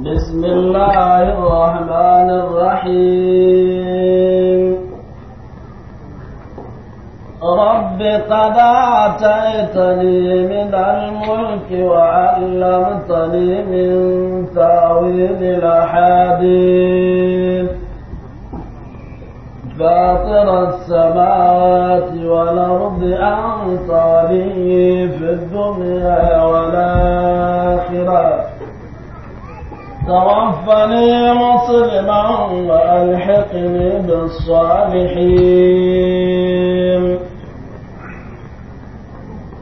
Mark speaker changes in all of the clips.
Speaker 1: بسم الله الرحمن الرحيم رب قد آتيتني من الملك وعلمتني من تأويل الأحاديث فاطر السماوات والأرض أنت ولي في الدنيا والآخرة توفني مسلما وألحقني بالصالحين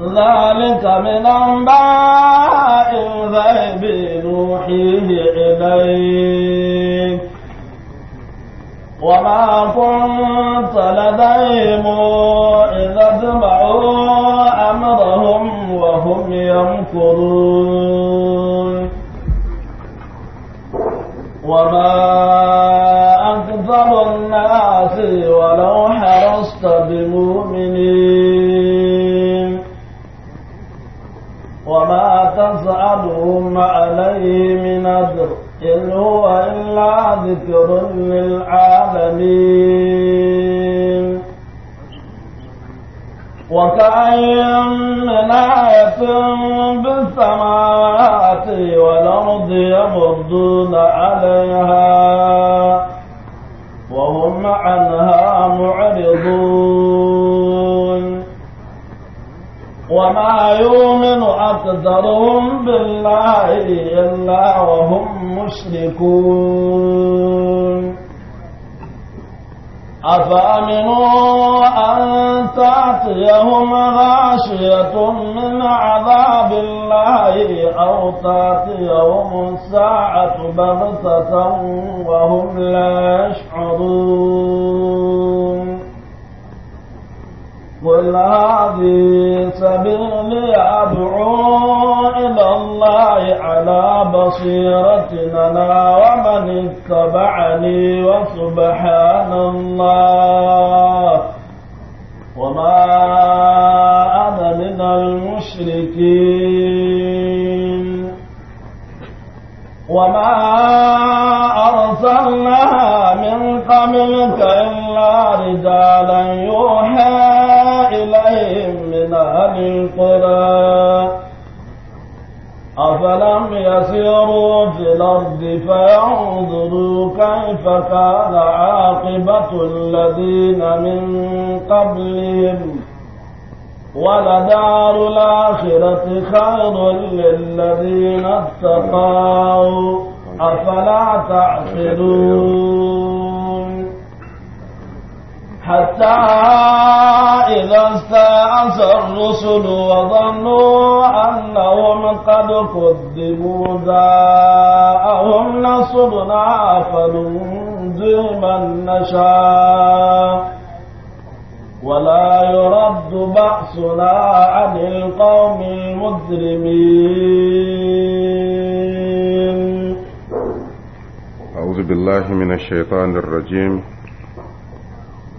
Speaker 1: ذلك من أنباء الغيب نوحيه إليك وما كنت لديهم إذا اجمعوا أمرهم وهم يمكرون وما أكثر الناس ولو حرصت بمؤمنين وما تسألهم عليه من أجر إن هو إلا ذكر للعالمين وكأين من آية بالسماوات والأرض يمردون عليها وهم عنها معرضون وما يؤمن أكثرهم بالله إلا وهم مشركون أفأمنوا أن تأتيهم غاشية من عذاب الله أو تأتيهم الساعة بغتة وهم لا يشعرون قل هذه سبيلي أدعون من الله على بصيرتنا ومن اتبعني وسبحان الله وما أنا من المشركين وما أرسلنا من قبلك أفلم يسيروا في الأرض فينظروا كيف كان عاقبة الذين من قبلهم ولدار الآخرة خير للذين اتقوا أفلا تعقلون حتى إذا استيأس الرسل وظنوا أنهم قد كذبوا جاءهم نصرنا فننجي من نشاء ولا يرد بأسنا عن القوم المجرمين
Speaker 2: أعوذ بالله من الشيطان الرجيم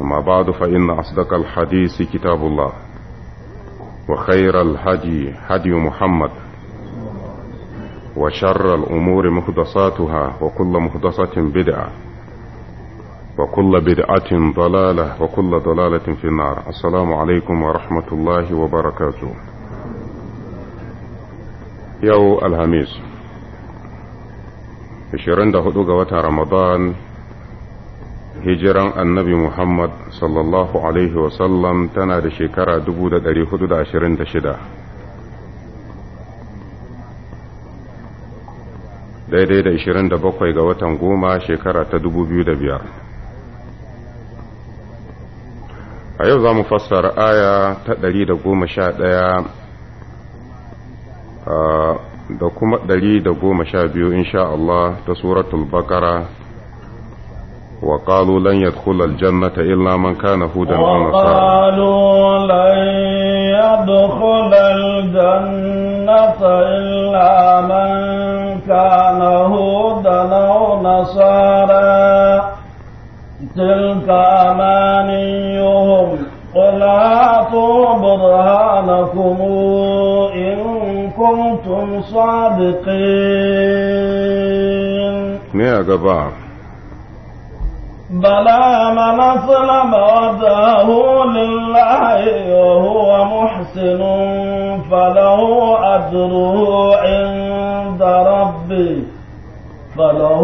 Speaker 2: أما بعد فإن أصدق الحديث كتاب الله وخير الهدي هدي محمد وشر الأمور مخدصاتها وكل مخدصة بدعة وكل بدعة ضلالة وكل ضلالة في النار السلام عليكم ورحمة الله وبركاته يو الهميس 24 ga watan Ramadan hijiran annabi Muhammad sallallahu Alaihi wasallam tana da shekara 426 daidai da 27 ga watan goma shekara ta 2005 a yau za mu fassara aya ta 111 ah, da kuma 112 insha Allah ta suratul bakara وقالوا لن يدخل الجنة إلا من كان هودا أو نصارى
Speaker 1: وقالوا لن يدخل الجنة إلا من كان هودا أو نصارى تلك أمانيهم قل هاتوا برهانكم إن كنتم صادقين. نعم يا جبار بلى من أسلم وجهه لله وهو محسن فله أجره عند ربي فله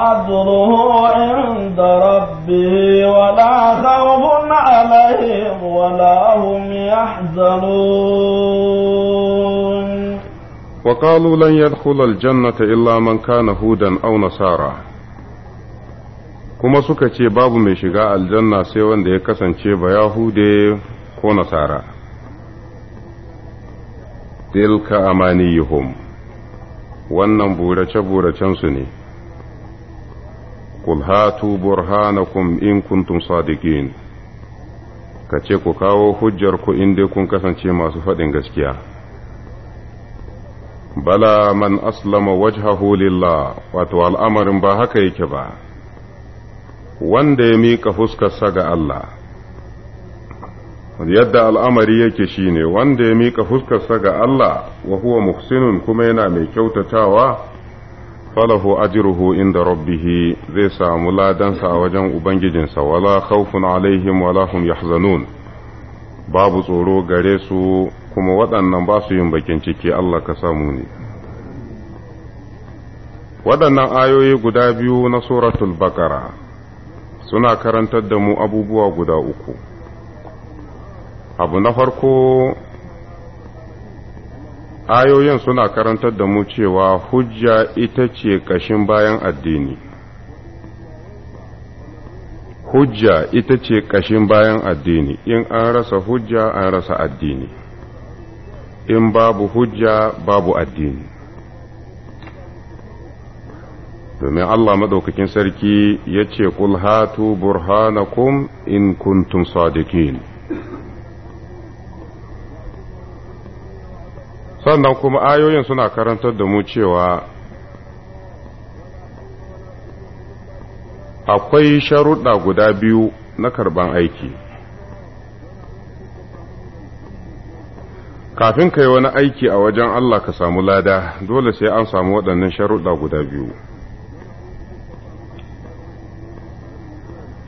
Speaker 1: أجره عند ربي ولا خوف عليهم ولا هم يحزنون
Speaker 2: وقالوا لن يدخل الجنة إلا من كان هودا أو نصارى kuma suka ce babu mai shiga aljanna sai wanda ya kasance ba yahude ko nasara tilka amaniyuhum wannan burace su ne kul hatu burhanakum in kuntum sadiqin ka ce ku kawo hujjar ku in dai kun kasance masu faɗin gaskiya bala man aslama wajhahu lillah wato al'amarin ba haka yake ba wanda ya miƙa fuskarsa ga Allah yadda al'amari yake shine wanda ya miƙa fuskarsa ga Allah wa huwa muhsinun kuma yana mai kyautatawa falahu in inda rabbihi zai samu ladansa a wajen ubangijinsa wala khawfun alaihim wala hum yahzanun babu tsoro gare su kuma waɗannan ba su yin bakin ciki Allah ka samu ne waɗannan ayoyi guda biyu na suratul baqara suna karantar da mu abubuwa guda uku abu na farko ayoyin suna karantar da mu cewa hujja ita ce ƙashin bayan addini hujja ita ce ƙashin bayan addini in an rasa hujja an rasa addini in babu hujja babu addini domin Allah maɗaukakin sarki ya ce ƙul hatu burhanakum in kuntum sadiqin sannan kuma ayoyin suna karantar da mu cewa akwai sharuɗa guda biyu na karɓan aiki kafin ka yi wani aiki a wajen Allah ka samu lada dole sai an samu waɗannan sharuɗa guda biyu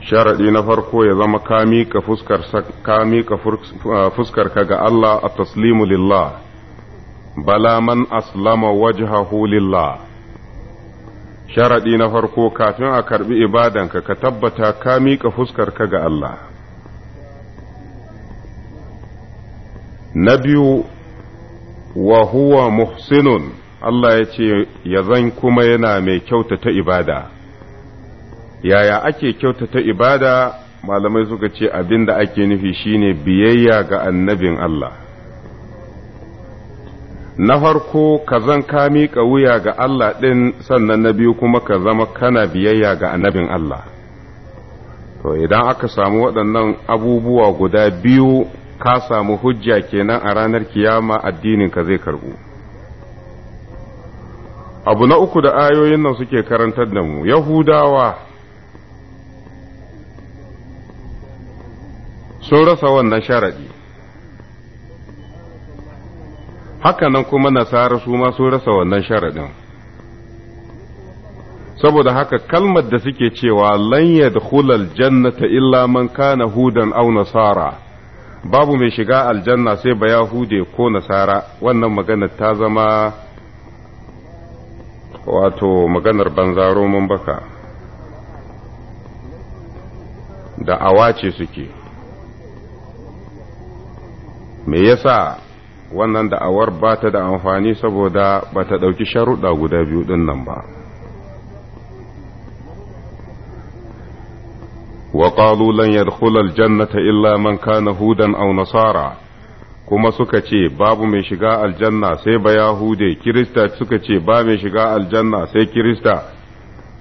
Speaker 2: sharaɗi na farko ya zama ka miƙa fuskarka uh, ga Allah a taslimu lillah bala man aslama wajhahu lillah sharaɗi na farko kafin a karɓi ibadanka ka tabbata ka miƙa fuskarka ga Allah na biyu wa huwa muhsinun Allah ya ce ya zan kuma yana mai kyautata ibada yaya ake kyautata ibada malamai suka ce abin da ake nufi shine biyayya ga annabin Allah na farko ka zan ka miƙa wuya ga Allah ɗin sannan na biyu kuma ka zama kana biyayya ga annabin Allah to idan aka samu waɗannan abubuwa guda biyu ka samu hujja kenan a ranar kiyama addinin ka zai karɓu abu na uku da ayoyin nan suke karantar da mu yahudawa sun rasa wannan sharaɗi hakanan kuma nasara su ma sun rasa wannan sharadin saboda haka kalmar da suke cewa lan yadkhul ta illa man kana hudan aw nasara babu mai shiga aljanna sai ba yahude ko nasara wannan magana ta zama wato maganar banza roman baka da awace suke me yasa wannan da'awar ba ta da amfani saboda ba ta ɗauki sharuɗa guda biyu ɗin nan ba وقالوا لن يدخل الجنة illa man kana hudan au nasara kuma suka ce babu mai shiga aljanna sai ba yahude kirista suka ce ba mai shiga aljanna sai kirista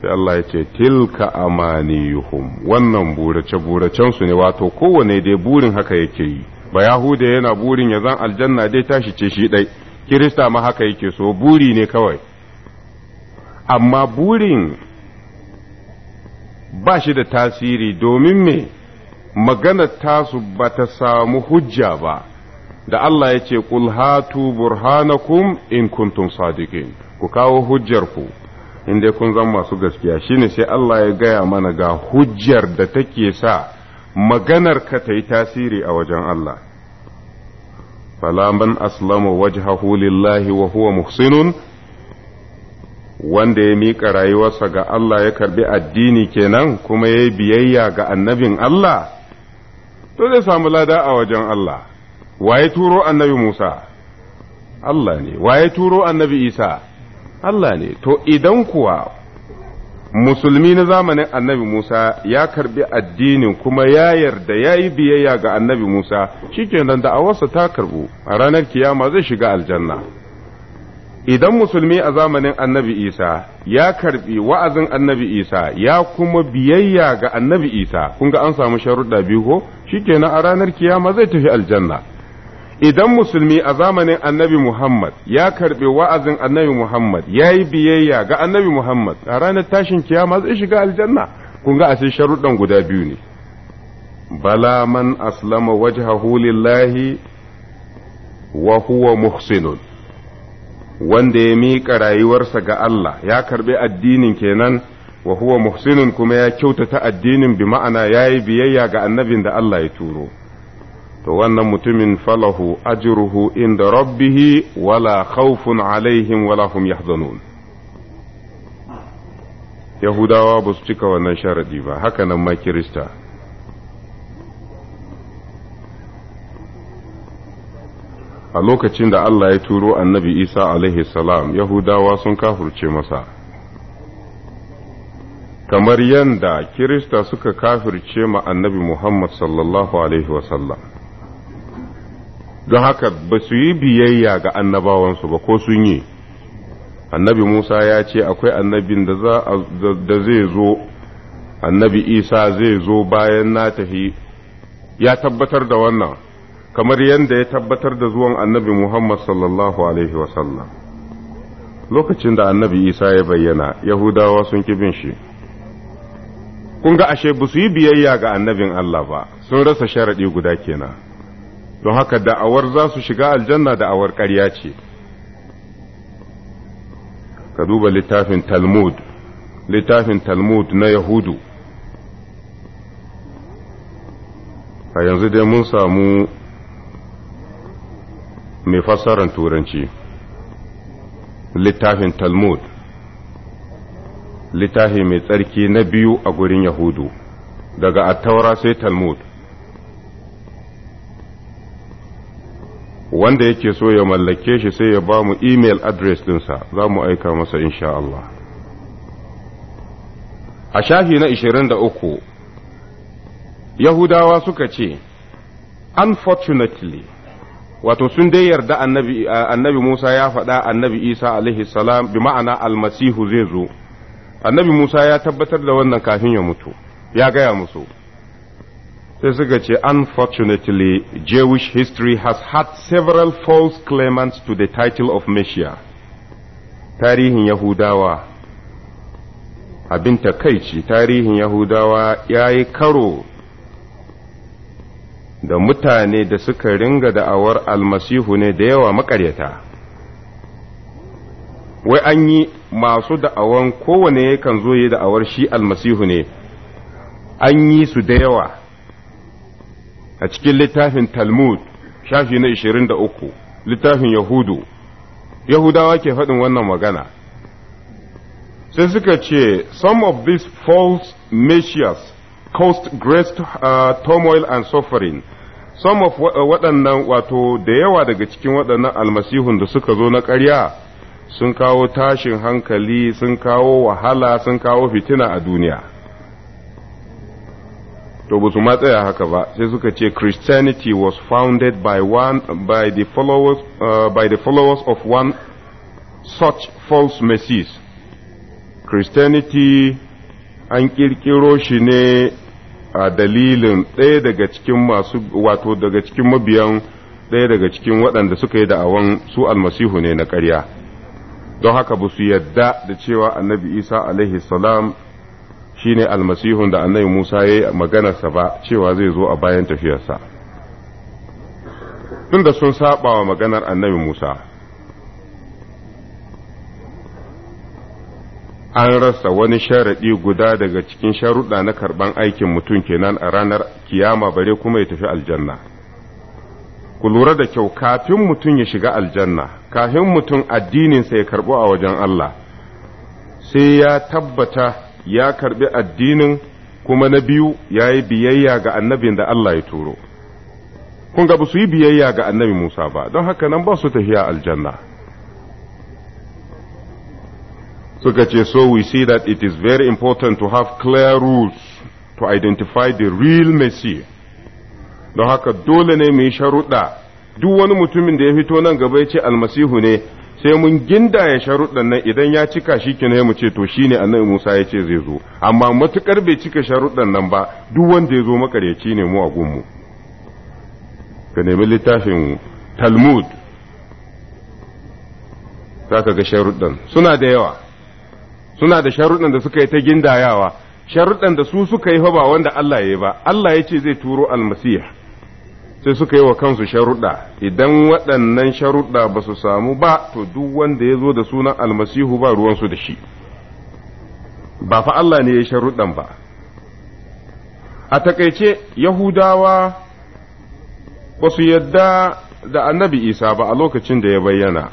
Speaker 2: sai Allah ya ce tilka amaniyuhum wannan burace buracensu ne wato kowane dai burin haka yake yi ba yahuda yana burin ya zan aljanna dai tashi ce shi dai kirista ma haka yake so buri ne kawai amma burin ba shi da tasiri domin me maganar tasu ba ta samu hujja ba da Allah ya ce Kul hatu burhanakum in kuntum sadiqin ku kawo hujjarku in dai kun zama masu gaskiya shine sai Allah ya gaya mana ga hujjar da take sa maganar ka ta yi tasiri a wajen Allah فلا من أسلم وجهه لله وهو محسن muhsinun wanda ya miƙa rayuwarsa ga Allah ya karbi addini kenan kuma ya yi biyayya ga annabin Allah to zai samu lada a wajen Allah waye turo annabi Musa Allah ne waye turo annabi Isa Allah ne to idan kuwa musulmi na zamanin annabi Musa ya karbi addinin kuma ya yarda ya yi biyayya ga annabi Musa shikenan da'awarsa ta karbu a ranar kiyama zai shiga aljanna idan musulmi a zamanin annabi Isa ya karbi wa'azin annabi Isa ya kuma biyayya ga annabi Isa kunga an samu sharuɗa biyu ko shikenan a ranar kiyama zai tafi aljanna idan musulmi a zamanin annabi Muhammad ya karɓi wa'azin annabi Muhammad ya yi biyayya ga annabi Muhammad a ranar tashin kiyama zai shiga aljanna kun ga ashe sharuɗan guda biyu ne bala man aslama wajhahu lillahi wa huwa muhsinun wanda ya miƙa rayuwarsa ga Allah ya karɓi addinin kenan wa huwa muhsinun kuma ya kyautata addinin bi ma'ana ya yi biyayya ga annabin da Allah ya turo to wannan mutumin falahu ajruhu inda rabbihi wala khawfun alaihim wala hum yahzanun yahudawa ba su cika wannan sharadi ba haka nan ma kirista a lokacin da Allah ya turo annabi Isa alaihi salam yahudawa sun kafurce masa kamar yadda kirista suka kafirce ma annabi Muhammad sallallahu alaihi wasallam don haka ba su yi biyayya ga annabawansu ba ko sun yi annabi musa ya ce akwai annabin da zai zo annabi isa zai zo bayan na tafi ya tabbatar da wannan kamar yadda ya tabbatar da zuwan annabi muhammad sallallahu alaihi wasallam lokacin da annabi isa ya bayyana yahudawa sun kibin shi kun ga ashe ba su yi biyayya ga annabin allah ba sun rasa sharaɗi guda kenan don haka da'awar za su shiga aljanna da'awar ƙarya ce ka duba littafin talmud littafin talmud na yahudu a yanzu dai mun samu mai fassarar turanci littafin talmud littafi mai tsarki na biyu a gurin yahudu daga attaura sai talmud wanda yake so ya mallake shi sai ya ba mu email address dinsa za mu aika masa insha Allah a shafi na 23 yahudawa suka ce unfortunately wato sun dai yarda annabi Musa ya faɗa annabi Isa alaihi salam bi ma'ana almasihu zai zo annabi Musa ya tabbatar da wannan kafin ya mutu ya gaya musu sai suka ce unfortunately Jewish history has had several false claimants to the title of Messiah tarihin Yahudawa abin takaici tarihin Yahudawa ya yi karo da mutane da suka ringa da'awar almasihu ne da yawa makaryata wai an yi masu da'awan kowane yakan zo yi da'awar shi almasihu ne an yi su da yawa a cikin littafin Talmud shafi na 23 littafin Yahudu Yahudawa ke faɗin wannan magana sai suka ce some of these false messiahs caused great uh, turmoil and suffering some of waɗannan wato da yawa daga cikin waɗannan almasihun da suka zo na ƙarya sun kawo tashin hankali sun kawo wahala sun kawo fitina a duniya to ba su haka ba sai suka ce christianity was founded by one by the followers uh, by the followers of one such false messiah christianity an kirkiro shi ne a dalilin ɗaya daga cikin masu wato daga cikin mabiyan ɗaya daga cikin waɗanda suka yi da'awan su almasihu ne na ƙarya don haka ba su yadda da cewa annabi isa alaihi salam shine almasihun da annabi Musa ya yi maganarsa ba cewa zai zo a bayan tafiyarsa tunda sun saba wa maganar annabi Musa an rasa wani sharaɗi guda daga cikin sharuɗa na karɓan aikin mutum kenan a ranar kiyama bare kuma ya tafi aljanna ku lura da kyau kafin mutum ya shiga aljanna kafin mutum addininsa ya karɓo a wajen Allah sai ya tabbata ya karbi addinin kuma na biyu ya yi biyayya ga annabin da Allah ya turo kun ga su yi biyayya ga annabi Musa ba don haka nan ba su tafiya aljanna suka ce so we see that it is very important to have clear rules to identify the real Messi don haka dole ne mu sharuɗa duk wani mutumin da ya fito nan gaba ya ce almasihu ne sai mun ginda ya sharuɗan nan idan ya cika shi na mu ce to shi ne annabi Musa ya ce zai zo amma matukar bai cika sharuɗan nan ba duk wanda ya zo makaryaci ne mu a gunmu ka nemi littafin Talmud za ka ga sharuɗan suna da yawa suna da sharuɗan da suka yi ta gindayawa sharuɗan da su suka yi fa ba wanda Allah ya yi ba Allah ya ce zai turo almasiya sai suka yi wa kansu sharuɗa idan waɗannan sharuɗa ba su samu ba to duk wanda ya zo da sunan almasihu ba ruwansu da shi ba fa Allah ne ya sharuɗan ba a takaice yahudawa ba su yadda da annabi isa ba a lokacin da ya bayyana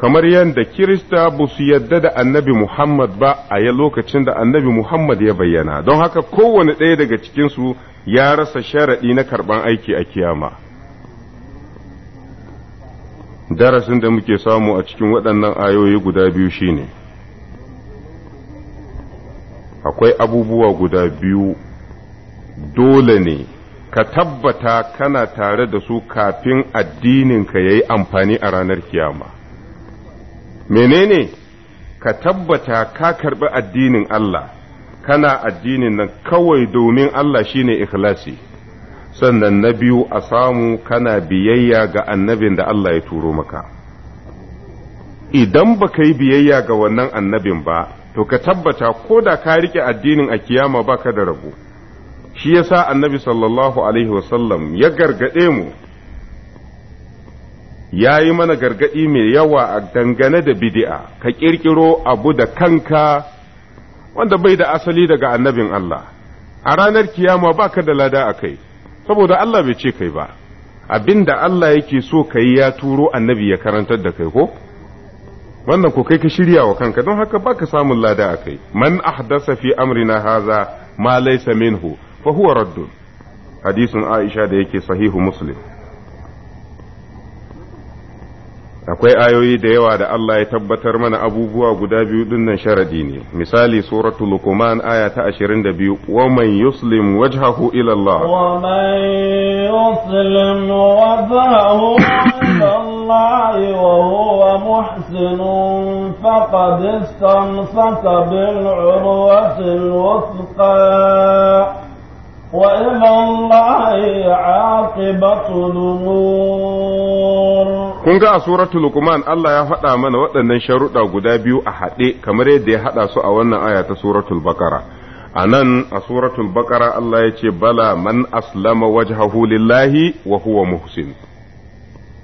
Speaker 2: kamar yadda kirista ba su yadda da annabi muhammad ba a lokacin da annabi muhammad ya bayyana don haka kowane ɗaya daga cikinsu ya rasa sharaɗi na karɓan aiki a kiyama darasin da muke samu a cikin waɗannan ayoyi guda biyu shine akwai abubuwa guda biyu dole ne ka tabbata kana tare da su kafin addininka ya yi amfani a ranar kiyama menene ka tabbata ka karɓi addinin Allah kana addinin nan kawai domin Allah shine ikhlasi sannan na biyu a samu kana biyayya ga annabin da Allah ya turo maka idan ba yi biyayya ga wannan annabin ba to ka tabbata ko da ka rike addinin a kiyama ba ka da rabo shi yasa annabi sallallahu alaihi wasallam ya gargaɗe mu ya yi mana gargaɗi mai yawa a dangane da bidi'a ka ƙirƙiro abu da kanka wanda bai da asali daga annabin Allah a ranar kiyama ba ka da lada a kai saboda Allah bai ce kai ba abinda Allah yake so ka yi ya turo annabi ya karantar da kai ko wannan ko kai ka shirya wa kanka don haka ba ka samun lada a kai man ahdasa fi amrina haza ma laysa minhu fa huwa raddun hadisin Aisha da yake sahihu Muslim akwai ayoyi da yawa da Allah ya tabbatar mana abubuwa guda biyu dinnan sharadi ne misali suratu luqman aya ta 22 wa man yuslim wajhahu ila Allah
Speaker 1: wa man yuslim wajhahu ila Allah wa huwa muhsin faqad istamsaka bil urwatil wuthqa وإلى الله عاقبة الأمور
Speaker 2: kun ga a suratul Luqman Allah ya faɗa mana waɗannan sharuɗa guda biyu a haɗe kamar yadda ya haɗa su a wannan aya ta suratul Baqara a nan a suratul Baqara Allah ya ce bala man aslama hahu lillahi wahuwa huwa muhsin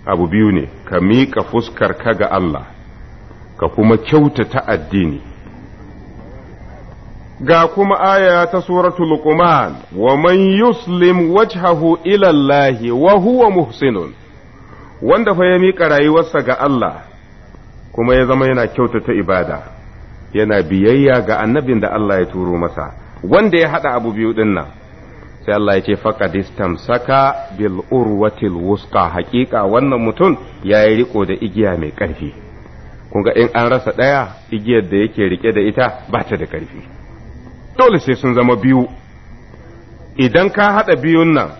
Speaker 2: abu biyu ne ka miƙa fuskar ka ga Allah ka kuma kyautata addini ga kuma aya ta suratul luqman wa man yuslim wajhahu ila Allah wa huwa muhsinun wanda fa ya miƙa rayuwarsa ga Allah kuma ya zama yana kyautata ibada yana biyayya ga annabin da Allah ya turo masa wanda ya hada abu biyu din nan sai Allah ya ce faqad istamsaka bil urwatil wusqa haqiqa wannan mutum ya yi riko da igiya mai ƙarfi kun ga in an rasa daya igiyar da yake rike da ita ba ta da ƙarfi dole sai sun zama biyu idan ka haɗa biyun nan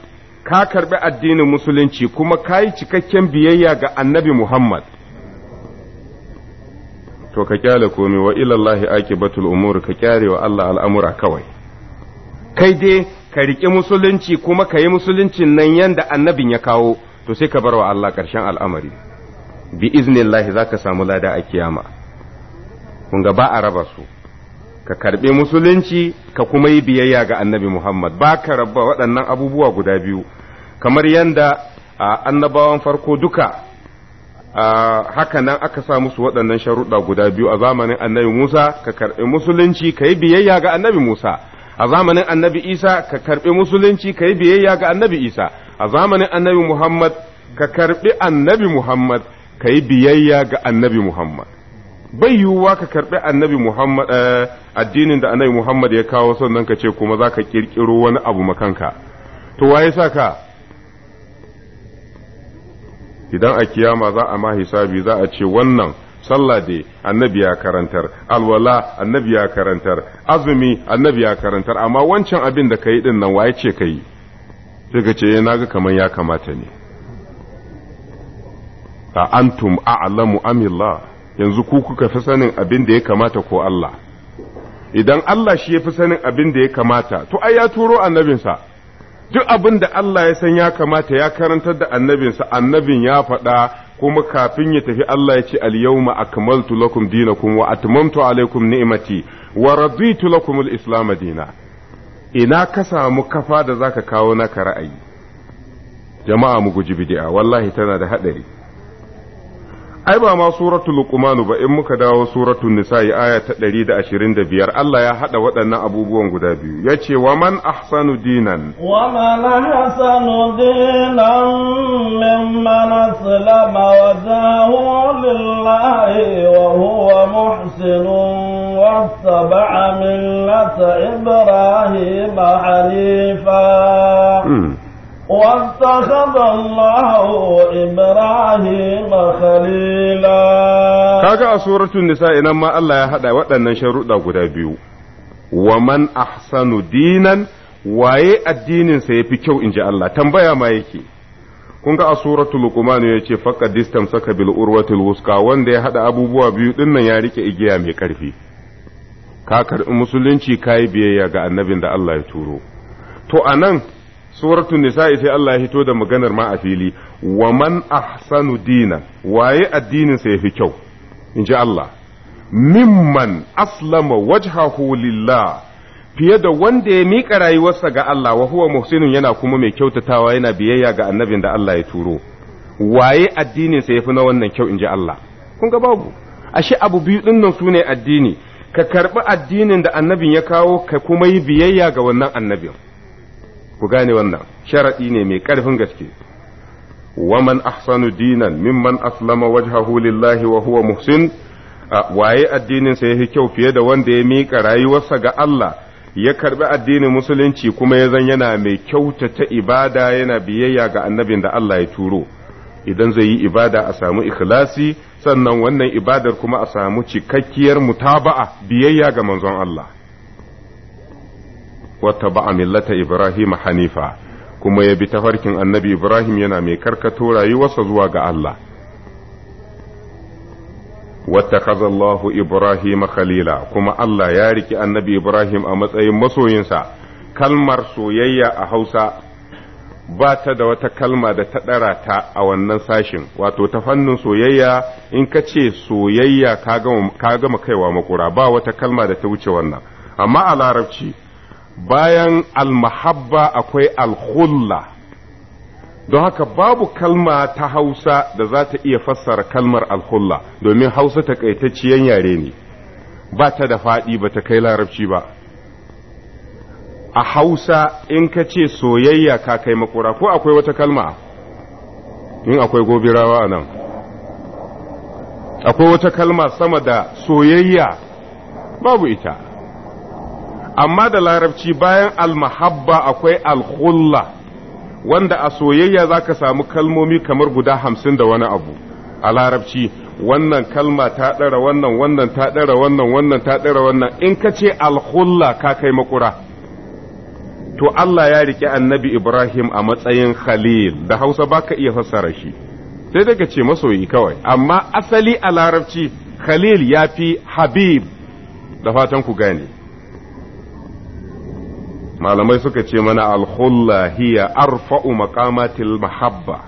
Speaker 2: ka karɓi addinin musulunci kuma ka yi cikakken biyayya ga annabi Muhammad to ka kyale komai wa ilallahi batul umur ka kyare wa Allah al'amura kawai kai dai ka riƙe musulunci kuma ka yi musuluncin nan yanda annabin ya kawo to sai ka bar wa Allah ƙarshen al'amari bi lahi za ka samu lada a kiyama kun ga ba a raba su ka karɓi musulunci ka kuma yi biyayya ga annabi Muhammad ba ka rabba waɗannan abubuwa guda biyu kamar yadda annabawan farko duka haka nan aka sa musu waɗannan sharuɗa guda biyu a zamanin annabi Musa ka karɓe musulunci ka yi biyayya ga annabi Musa a zamanin annabi Isa ka karɓi musulunci ka yi biyayya ga annabi Isa a zamanin annabi Muhammad ka karɓi annabi Muhammad ka yi biyayya ga annabi Muhammad bai yiwuwa ka karɓi annabi Muhammad eh, addinin da annabi Muhammad ya kawo sannan ka ce kuma za ka kirkiro wani abu makanka to waye sa ka idan a kiyama za a ma hisabi za a ce wannan sallah dai annabi ya karantar alwala annabi ya karantar azumi annabi ya karantar amma wancan abin da kai din nan waye ce kai sai ka ce eh, na ga kaman ya kamata ne a antum a'lamu amillah yanzu ku kuka fi sanin abin da ya kamata ko Allah idan Allah shi ya fi sanin abin da ya kamata to ai ya turo annabinsa duk abin da Allah ya san ya kamata ya karantar da annabinsa annabin ya faɗa kuma kafin ya tafi Allah ya ce al-yawma akmaltu lakum dinakum wa atmamtu alaykum ni'mati wa raditu lakum al-islam dina ina ka samu kafa da zaka kawo naka ra'ayi jama'a mu guji bid'a wallahi tana da hadari ai ba ma suratu luqman ba in muka dawo nisa nisa'i aya ta 125 Allah ya hada waɗannan abubuwan guda biyu yace wa man ahsanu dinan
Speaker 1: wa man ahsanu dinan mimman aslama wajahu lillahi wa huwa muhsinun wattaba'a millata ibrahima hanifa hmm. واتخذ الله إبراهيم خليلا
Speaker 2: كاكا سورة النساء إنما الله يهدى وأن شروطا قد بيو ومن أحسن دينا waye addinin sa yafi kyau inji Allah tambaya ma yake kun ga a suratul luqman ya ce faqad saka bil urwatil wuska wanda ya hada abubuwa biyu dinnan ya rike igiya mai karfi ka karbi musulunci kai biyayya ga annabin da Allah ya turo to anan suratun nisa'i sai Allah ya hito da maganar ma a fili wa man ahsanu dinan waye addinin sa yafi kyau in ji Allah mimman aslama wajhahu lillah fiye da wanda ya mika rayuwarsa ga Allah wa huwa muhsinun yana kuma mai kyautatawa yana biyayya ga annabin da Allah ya turo waye addinin sa yafi na wannan kyau in ji Allah kun ga babu ashe abu biyu din nan sune addini ka karbi addinin da annabin ya kawo ka kuma yi biyayya ga wannan annabin ku gane wannan sharaɗi ne mai ƙarfin gaske waman ahsanu dinan mimman aslama wajhahu lillahi wa huwa muhsin waye addinin sa yafi kyau fiye da wanda ya miƙa rayuwarsa ga Allah ya karbi addinin musulunci kuma ya zan yana mai kyautata ibada yana biyayya ga annabin da Allah ya turo idan zai yi ibada a samu ikhlasi sannan wannan ibadar kuma a samu cikakkiyar mutaba'a biyayya ga manzon Allah wata ba'a millata Ibrahim Hanifa kuma ya bi tafarkin annabi Ibrahim yana mai karkato rayuwarsa zuwa ga Allah. Wata kuma Allah ya خليلا Annabi Ibrahim a matsayin masoyinsa kalmar soyayya a Hausa ba bata da wata kalma da ta ɗara ta a wannan sashin wato ta fannin soyayya in ka ce soyayya ka gama kaiwa makura ba wata kalma da ta wuce wannan amma a larabci bayan almahabba akwai alhulla don haka babu kalma ta hausa da za ta iya fassara kalmar alhulla domin hausa takaitacciyar yare ne ba ta da faɗi ba ta kai larabci ba a hausa in ka ce soyayya ka kai makura ko akwai wata kalma in akwai gobirawa a nan akwai wata kalma sama da soyayya babu ita amma da larabci bayan almahabba akwai alhulla wanda a soyayya zaka samu kalmomi kamar guda hamsin da wani abu a larabci wannan kalma ta ɗara wannan wannan ta ɗara wannan wannan ta ɗara wannan in ka ce alhulla ka kai makura to Allah ya rike annabi Ibrahim a matsayin khalil da hausa baka iya fassara shi sai daga ce masoyi kawai amma asali a larabci khalil ya fi habib da fatan ku gane malamai suka ce mana alhulla hiya arfa'u maqamatil mahabba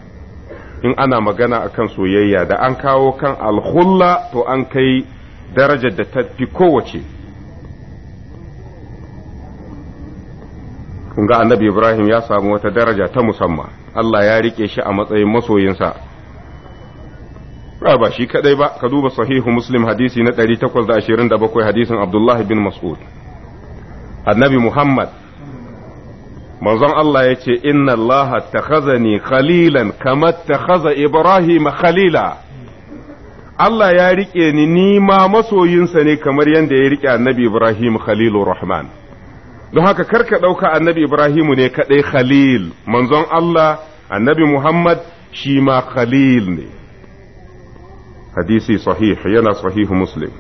Speaker 2: in ana magana akan soyayya da an kawo kan alhulla to an kai darajar da ta fi kowace kun ga annabi ibrahim ya samu wata daraja ta musamman allah ya rike shi a matsayin masoyinsa ba shi kadai ba ka duba sahihu muslim hadisi na 827 hadisin abdullahi bin mas'ud annabi muhammad manzon Allah ya ce inna Allah ni khalilan kama takhaza Ibrahim khalila Allah ya riƙe ni ni ma masoyinsa ne kamar yadda ya rike annabi Ibrahim khalilur rahman don haka karka ɗauka annabi Ibrahimu ne kaɗai khalil manzon Allah annabi Muhammad shi ma khalil ne hadisi sahih yana sahihu muslim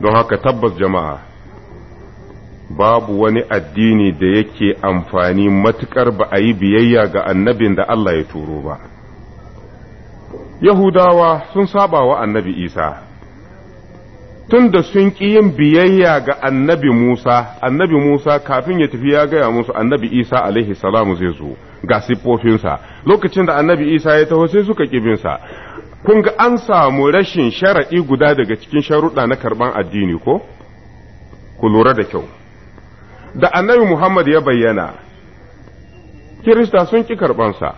Speaker 2: don haka tabbas jama'a babu wani addini da yake amfani matukar ba a yi biyayya ga annabin da Allah ya turo ba Yahudawa sun saba wa annabi Isa tun da sun ƙi yin biyayya ga annabi Musa, annabi Musa kafin ya tafi ya gaya musu annabi Isa alaihi salamu zai zo ga siffofinsa, lokacin da annabi Isa ya taho sai suka ƙibinsa. Kun ga an samu rashin sharaɗi guda daga cikin sharuɗa na karɓan addini ko? Ku lura da kyau. da annabi Muhammad ya bayyana, Kirista sun ki karɓansa,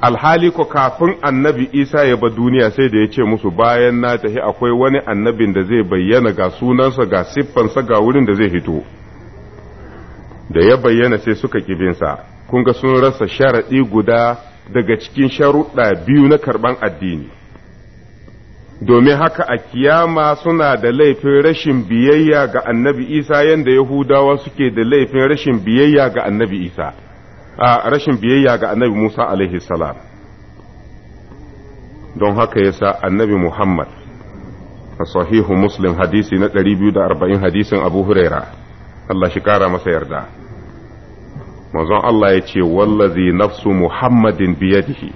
Speaker 2: alhali ko kafin annabi Isa ya ba duniya sai da ya ce musu bayan na tafi akwai wani annabin da zai bayyana ga sunansa ga siffansa ga wurin da zai hito. Da ya bayyana sai suka ƙibinsa, kun ga sun rasa sharaɗi guda daga cikin sharuɗa biyu na karɓan addini. domin haka a kiyama suna da laifin rashin biyayya ga annabi isa yadda yahudawa suke da laifin rashin biyayya ga annabi isa a rashin biyayya ga annabi musa alaihi salam don haka ya sa annabi muhammad a sahihu muslim hadisi na 240 hadisin abu huraira allah shi kara masa yarda manzon allah ya ce wallazi nafsu muhammadin biyadihi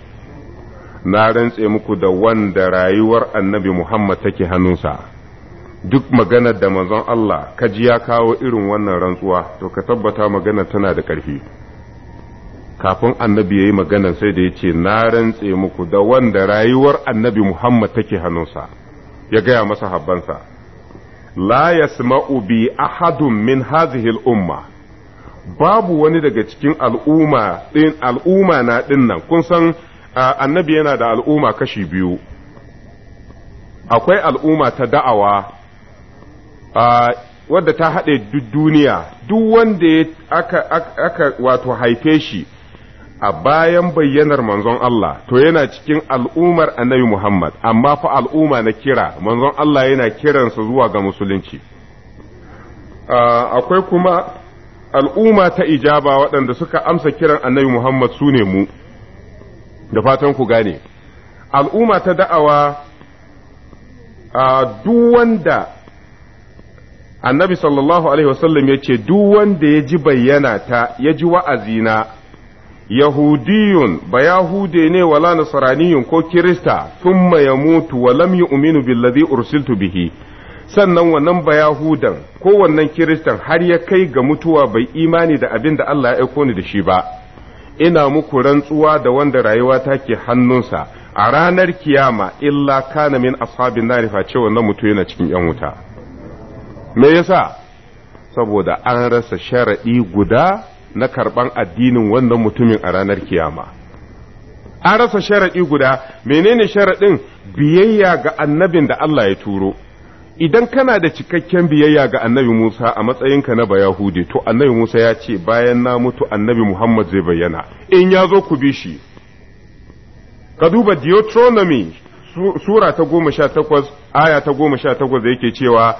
Speaker 2: na rantse muku da wanda rayuwar annabi Muhammad take hannunsa duk magana da manzon Allah ka ji ya kawo irin wannan rantsuwa to ka tabbata magana tana da ƙarfi kafin annabi ya yi magana sai da ya ce na rantse muku da wanda rayuwar annabi Muhammad take hannunsa ya gaya masa habbansa la yasma'u bi ahadun min hadhihi al-umma babu wani daga cikin al'umma din al'umma na dinnan kun san annabi yana da al'umma kashi biyu akwai al'umma ta da'awa wadda ta haɗe duk duniya duk wanda aka, aka wato haife shi a bayan bayyanar manzon Allah to yana cikin al'ummar annabi Muhammad amma fa al'umma na kira manzon Allah yana kiransa zuwa ga musulunci akwai kuma al'umma ta ijaba waɗanda suka amsa kiran annabi Muhammad su ne mu da fatan ku gane al'umma ta da'awa a duk wanda annabi sallallahu alaihi wasallam ya ce duk wanda ya ji bayyana ta ya ji na. yahudiyun ba yahude ne wala nasaraniyun ko kirista thumma ya mutu wa lam yu'minu billadhi ursiltu bihi sannan wannan ba yahudan ko wannan kiristan har ya kai ga mutuwa bai imani da abin da Allah ya aiko ni da shi ba ina muku rantsuwa da wanda rayuwa take hannunsa a ranar kiyama illa kana min ashabin nari cewa wannan mutu yana cikin yan wuta me yasa saboda an rasa sharadi guda na karban addinin wannan mutumin a ranar kiyama an rasa sharadi guda menene sharadin biyayya ga annabin da Allah ya turo idan kana da cikakken biyayya ga annabi Musa a matsayinka na Bayahudi to annabi Musa ya ce bayan na mutu annabi Muhammad zai bayyana in ya zo ku bi shi ka duba Deuteronomy sura ta goma sha takwas aya ta goma sha takwas da yake cewa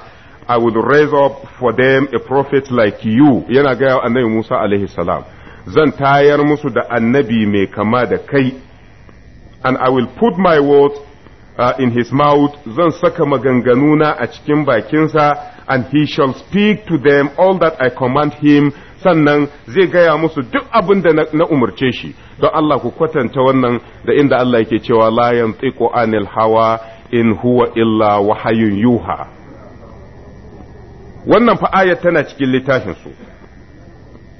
Speaker 2: I would raise up for them a prophet like you yana gaya annabi Musa alaihi salam zan tayar musu da annabi mai kama da kai and I will put my words Uh, in his mouth zan saka maganganuna a cikin bakinsa and he shall speak to them all that I command him sannan zai gaya musu duk abin da na umarce shi don Allah ku kwatanta wannan da inda Allah yake cewa la yantiqu anil hawa in huwa illa wahayun yuha wannan fa ayat tana cikin littafin su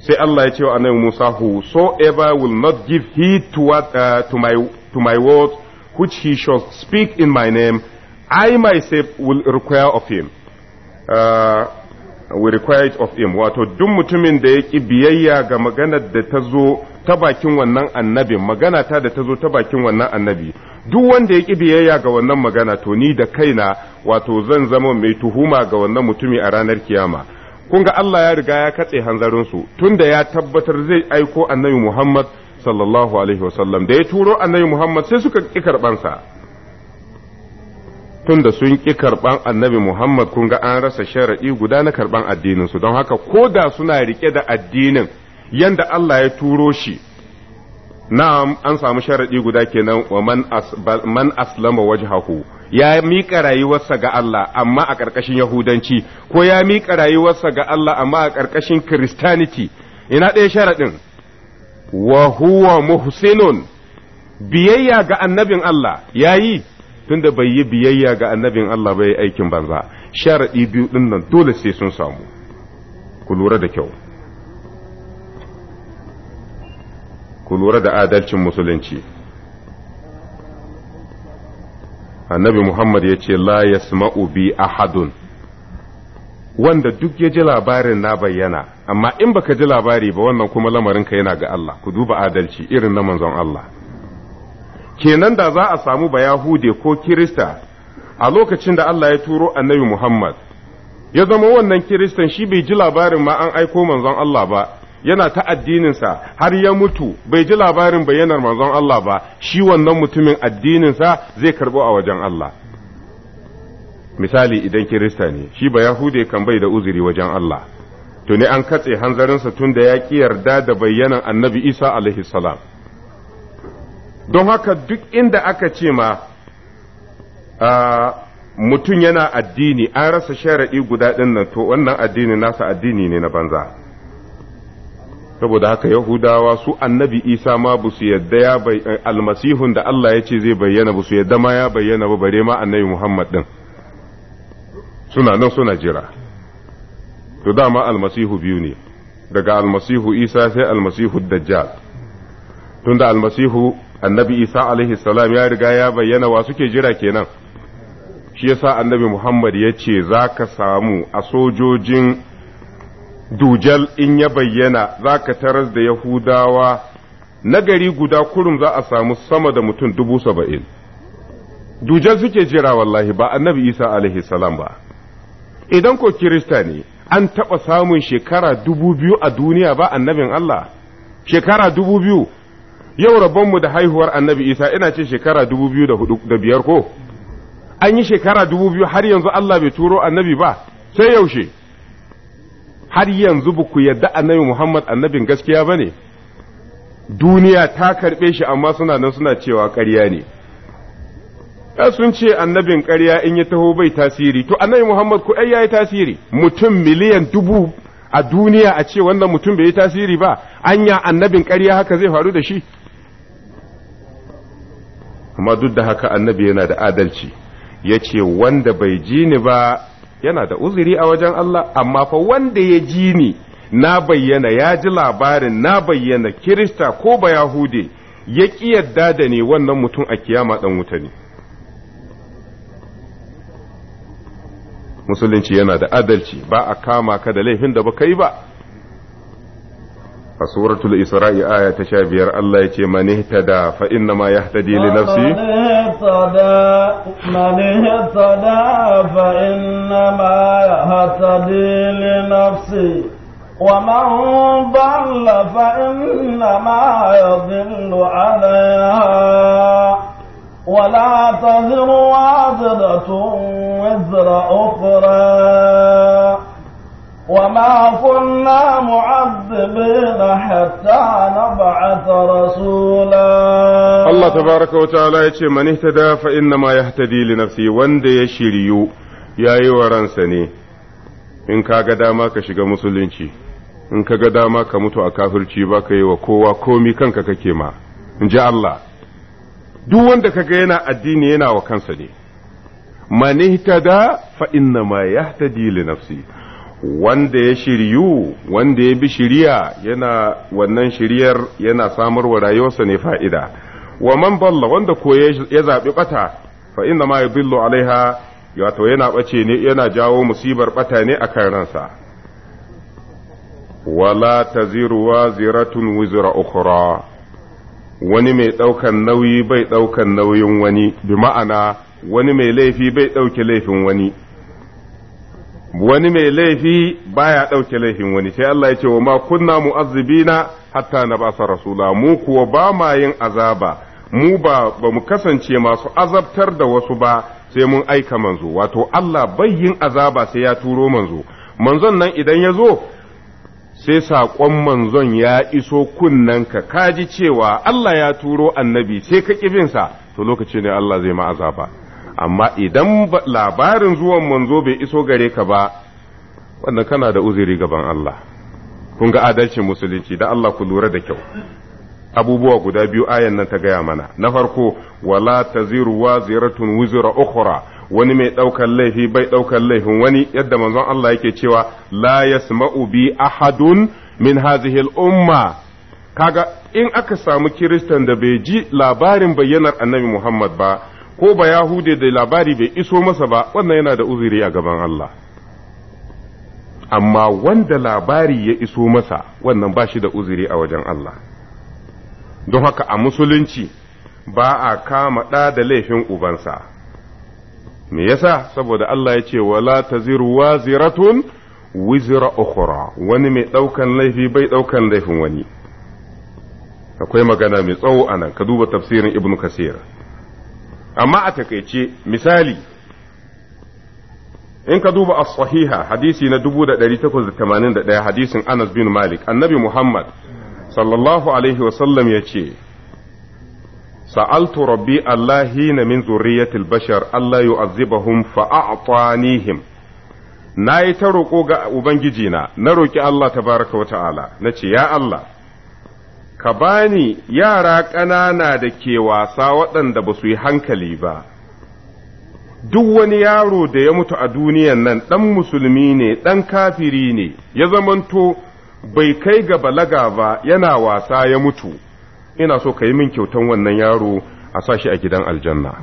Speaker 2: sai Allah ya ce wa annabi Musa who so ever will not give heed to, what, uh, to my to my words which he shall speak in my name, I myself will require of him. Uh, we require it of him. Wato, duk mutumin da ya ƙi biyayya ga maganar da ta zo ta bakin wannan annabi magana ta da ta zo ta bakin wannan annabi, duk wanda ya ƙi biyayya ga wannan magana, to ni da kaina, wato zan zama mai tuhuma ga wannan mutumi a ranar kiyama. Kun Allah ya riga ya katse hanzarinsu, tun da ya tabbatar zai aiko annabi Muhammad sallallahu alaihi wasallam da ya turo annabi Muhammad sai suka ƙi karɓansa tun da sun ƙi karɓan annabi Muhammad kun ga an rasa sharaɗi guda na karɓan addininsu don haka ko da suna riƙe da addinin yanda Allah ya turo shi na'am an samu sharaɗi guda kenan wa man aslama wajhahu ya miƙa rayuwarsa ga Allah amma a ƙarƙashin Yahudanci ko ya miƙa rayuwarsa ga Allah amma a ƙarƙashin Kiristaniti ina ɗaya sharaɗin wa huwa muhsinun biyayya ga annabin Allah yayi tunda bai yi biyayya ga annabin Allah bai aikin banza sharadi biyu din nan dole sai sun samu ku lura da kyau ku lura da adalcin musulunci annabi Muhammad ya ce la yasma'u bi ahadun wanda duk ya ji labarin na bayyana amma in baka ji labari ba wannan kuma lamarin ka yana ga Allah ku duba adalci irin na manzon Allah kenan da za a samu ba Yahude ko Kirista a lokacin da Allah ya turo annabi Muhammad ya zama wannan Kiristan shi bai ji labarin ma an aiko manzon Allah ba yana ta addininsa har ya mutu bai ji labarin bayyanar manzon Allah ba shi wannan mutumin addininsa zai karbo a wajen Allah misali idan kirista ne shi ba yahude kan bai da uzuri wajen Allah tuni an katse hanzarinsa tun da ya ki yarda da bayyanan annabi isa alaihi salam don haka duk inda aka ce ma mutum yana addini an rasa sharaɗi guda ɗin nan to wannan addini nasa addini ne na banza saboda haka yahudawa su annabi isa ma ba su yadda ya eh, almasihun da allah ya ce zai bayyana ba su yadda ma ya bayyana ba bare ma annabi muhammad ɗin suna nan suna jira to dama almasihu biyu ne daga almasihu isa sai almasihu dajjal tunda almasihu annabi isa alaihi salam ya riga ya bayyana wa suke jira kenan shi yasa annabi muhammad ya ce za ka samu a sojojin dujal in ya bayyana za ka taras da yahudawa nagari guda kurum za a samu sama da mutum dubu saba'in dujal suke jira wallahi ba annabi isa alaihi salam ba idan ko kirista ne an taɓa samun shekara dubu biyu a duniya ba annabin Allah shekara dubu biyu yau rabonmu da haihuwar annabi isa ina ce shekara dubu biyu da biyar ko an yi shekara dubu biyu har yanzu Allah bai turo annabi ba sai yaushe har yanzu ba ku yadda annabi Muhammad annabin gaskiya ba ne duniya ta karɓe shi amma suna nan suna cewa ƙarya ne sun ce annabin ƙarya in ya taho bai tasiri to annabi Muhammad ko ai yayi tasiri mutum miliyan dubu a duniya a ce wannan mutum bai yi tasiri ba anya annabin ƙarya haka zai faru da shi amma duk da haka annabi yana da adalci ya ce wanda bai ji ni ba yana da uzuri a wajen Allah amma fa wanda ya ji ni na bayyana ya ji labarin na bayyana kirista ko ba yahude ya ƙi yadda da ne wannan mutum a kiyama ɗan wuta ne musulunci yana da adalci ba a kama ka da laifin da baka yi ba a suratul isra'i aya ta sha biyar Allah ya ce mani tada fa inna ma ya li nafsi
Speaker 1: mani tada fa inna ma ya li nafsi ومن ضل فإنما يضل عليها ولا تذر وازرة وزر أخرى وما كنا معذبين حتى نبعث رسولا الله تبارك
Speaker 2: وتعالى يتشي من اهتدى فإنما يهتدي لنفسه وند يشيريو يا أيوة رنسني إن كاغا داما كشيغا مسلينشي in ka ga dama ka mutu a kafirci ba ka yi wa kowa komi kanka kake ma in ji Allah duk wanda kaga yana addini yana wa kansa ne man ihtada fa inna ma yahtadi li nafsi wanda ya shiryu wanda ya bi shiriya yana wannan shiriyar yana samar wa rayuwarsa ne fa'ida wa man balla wanda ko ya zaɓi bata fa inna ma yudillu alaiha wato yana bace ne yana jawo musibar bata ne akan ransa wala taziru waziratun wizra ukhra wani mai ɗaukan nauyi bai ɗaukan nauyin wani bi ma'ana wani mai laifi bai ɗauke laifin wani wani mai laifi baya ɗauke laifin wani sai Allah ya ce wa ma kunna mu'azzibina hatta na basa rasula mu kuwa ba ma yin azaba mu ba ba mu kasance masu azabtar da wasu ba sai mun aika manzo wato Allah bai yin azaba sai ya turo manzo manzon nan idan ya zo sai saƙon manzon ya iso kunnanka ka ji cewa Allah ya turo annabi sai ka ƙibinsa to lokaci ne Allah zai ma'azaba amma idan labarin zuwan manzo bai iso gare ka ba wannan kana da uziri gaban Allah kun ga adalcin musulunci da Allah ku lura da kyau abubuwa guda biyu ayan nan ta gaya mana na farko wala taziru waziratun wizra ukhra wani mai ɗaukar laifi bai ɗaukar laifin wani yadda manzon Allah yake cewa la yasma'u bi ahadun min hadhihi al-umma kaga in aka samu kiristan da bai ji labarin bayyanar annabi Muhammad ba ko ba yahude da labari bai iso masa ba wannan yana da uzuri a gaban Allah amma wanda labari ya iso masa wannan ba shi da uzuri a wajen Allah don haka a musulunci ba a kama ɗa da laifin ubansa me yasa saboda Allah ya ce wala taziru waziratun wizra ukhra wani mai daukan laifi bai daukan laifin wani akwai magana mai tsawo anan ka duba tafsirin ibn kasir amma a takaice misali in ka duba as-sahiha hadisi na 1881 hadisin Anas bin Malik annabi Muhammad sallallahu alaihi sallam ya ce sa'altu rabbi Allahi na min zuriyatil bashar Allah yu'azzibahum fa'a'tanihim na yi ta roƙo ga ubangiji na Na roƙi Allah tabaraka wa ta'ala na ce ya Allah ka bani yara ƙanana da ke wasa waɗanda ba su yi hankali ba duk wani yaro da ya mutu a duniyan nan ɗan musulmi ne ɗan kafiri ne ya zamanto bai kai ga balaga ba yana wasa ya mutu ina so ka yi min kyautan wannan yaro a sa shi a gidan aljanna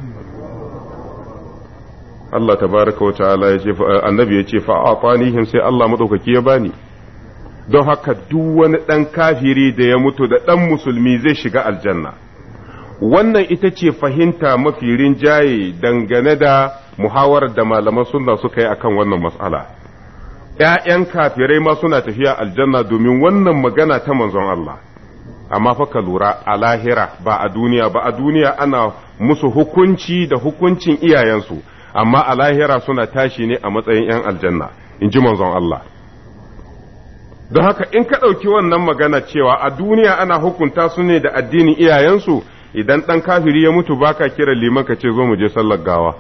Speaker 2: Allah tabaraka wa ta'ala ya ce annabi ya ce fa atanihim sai Allah madaukaki ya bani don haka duk wani ɗan kafiri da ya mutu da ɗan musulmi zai shiga aljanna wannan ita ce fahimta mafi rinjaye dangane da muhawarar da malaman sunna suka yi akan wannan matsala. ‘ya'yan kafirai ma suna tafiya aljanna domin wannan magana ta manzon Allah amma fa ka lura a lahira ba a duniya ba a duniya ana musu hukunci da hukuncin iyayensu amma a lahira suna tashi ne a matsayin 'yan aljanna in ji manzon Allah don haka in ka ɗauki wannan magana cewa a duniya ana hukunta su ne da addinin iyayensu idan ɗan kafiri ya mutu baka kira liman ka ce zo mu je sallar gawa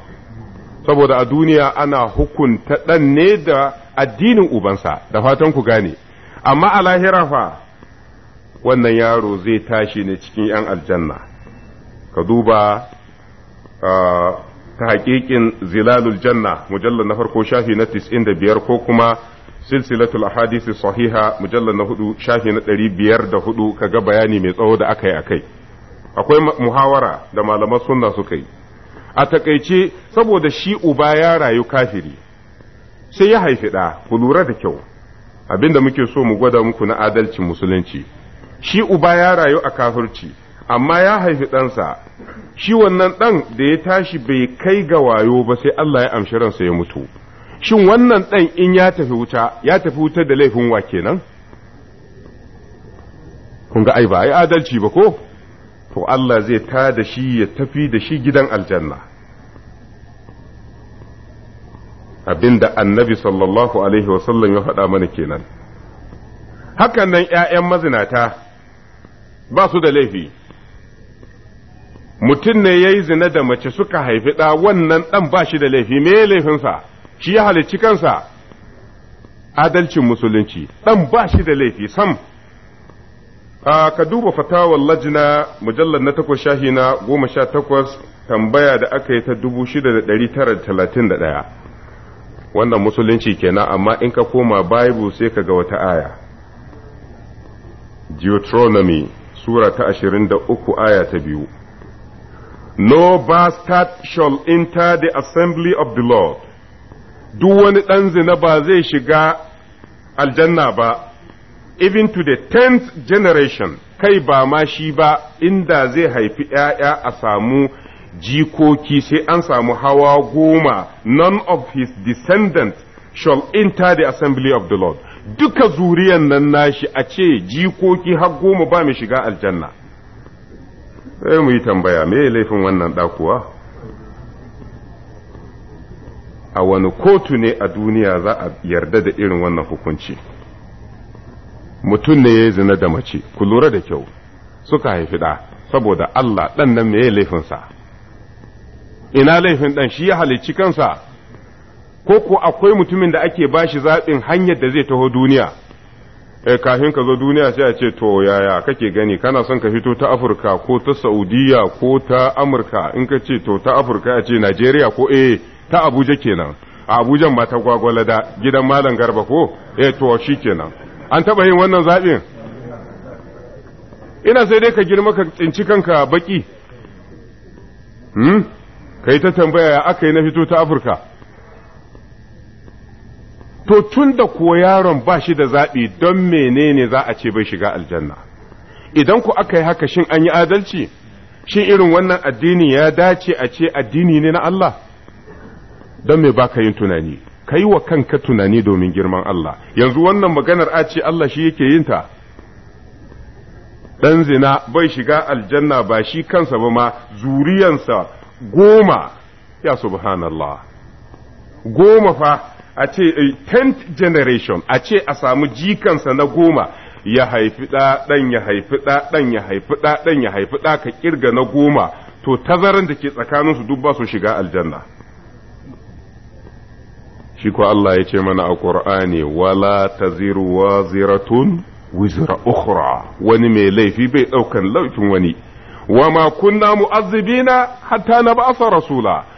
Speaker 2: saboda a duniya ana hukunta ɗan ne da addinin ubansa da fatan ku gane amma a lahira fa wannan yaro zai tashi ne cikin 'yan aljanna ka duba ta hakikin zilalul janna mujallar na farko shafi na tisin da biyar ko kuma silsilatul ahadisi sahiha mujallar na hudu shafi na biyar da ka ga bayani mai tsawo da aka yi akai akwai muhawara da malaman sunna suka yi a takaice saboda shi uba ya rayu kafiri sai ya haifi ɗa ku lura da kyau abinda muke so mu gwada muku na adalcin musulunci shi uba ya rayu a kafirci amma ya haifi ɗansa shi wannan ɗan da ya tashi bai kai ga wayo ba sai Allah ya amshi ransa ya mutu shin wannan ɗan in ya tafi wuta ya tafi wuta da laifin wa kenan kun ga ai ba ai adalci ba ko to Allah zai ta da shi ya tafi da shi gidan aljanna abinda annabi sallallahu alaihi wasallam ya faɗa mana kenan hakan nan ‘ya'yan mazinata ba su da laifi mutum ne ya yi zina da mace suka haifi ɗa wannan ɗan ba shi da laifi me ya laifinsa shi ya halicci kansa adalcin musulunci ɗan ba shi da laifi sam A ka duba fatawar lajina mujallar na takwas shahi na goma sha takwas tambaya da aka yi ta dubu shida da ɗari tara da talatin da ɗaya wannan musulunci kenan amma in ka koma bible sai ka ga wata aya Deuteronomy Sura ta ashirin da uku aya ta biyu. No bastard shall enter the assembly of the Lord, duk wani ɗan zina ba zai shiga aljanna ba, even to the tenth generation, kai ba ma shi ba inda zai haifi ‘ya'ya a samu jikoki sai an samu hawa goma, none of his descendants shall enter the assembly of the Lord. duka zuriyan nan nashi a ce jikoki har goma ba mu shiga aljanna sai mu yi tambaya me laifin wannan ɗakuwa a wani kotu ne a duniya za a yarda da irin wannan hukunci mutum ne ya zina da mace ku lura da kyau suka haifi ɗa saboda Allah ɗan nan me laifinsa ina laifin ɗan shi ya halicci kansa ko ko akwai mutumin da ake bashi zaɓin hanyar da zai taho duniya eh kafin ka zo duniya sai a ce to yaya kake gani kana son ka fito ta Afirka ko ta Saudiya ko ta Amurka in ka ce to ta Afirka a ce Najeriya ko eh ta Abuja kenan a Abuja ma ta da gidan Malam Garba ko eh to shi kenan. an taba yin wannan zaɓin ina sai dai ka girma ka tsinci kanka baki hmm kai ta tambaya aka yi na fito ta Afirka to tun da kuwa yaron ba shi da zaɓi don menene za a ce bai shiga aljanna idan ku aka yi haka shin an yi adalci shin irin wannan addini ya dace a ce addini ne na Allah don me baka yin tunani ka wa kanka tunani domin girman Allah yanzu wannan maganar a ce Allah shi yake yin ta ɗan zina bai shiga aljanna ba shi kansa ba ma zuriyansa goma ya subhanallah goma fa a ce eh, tenth generation a ce a samu jikansa na goma ya haifi ɗa ɗan ya haifi ɗa ɗan ya haifi ɗa ɗan ya haifi ɗa ka kirga na goma to tazaran da ke tsakaninsu duk ba su shiga aljanna shi ko Allah ya ce mana a Qur'ani wala taziru ziratun wizra ukhra wani mai laifi bai ɗaukan laifin wani wa ma kunna mu'azzibina hatta na basa rasula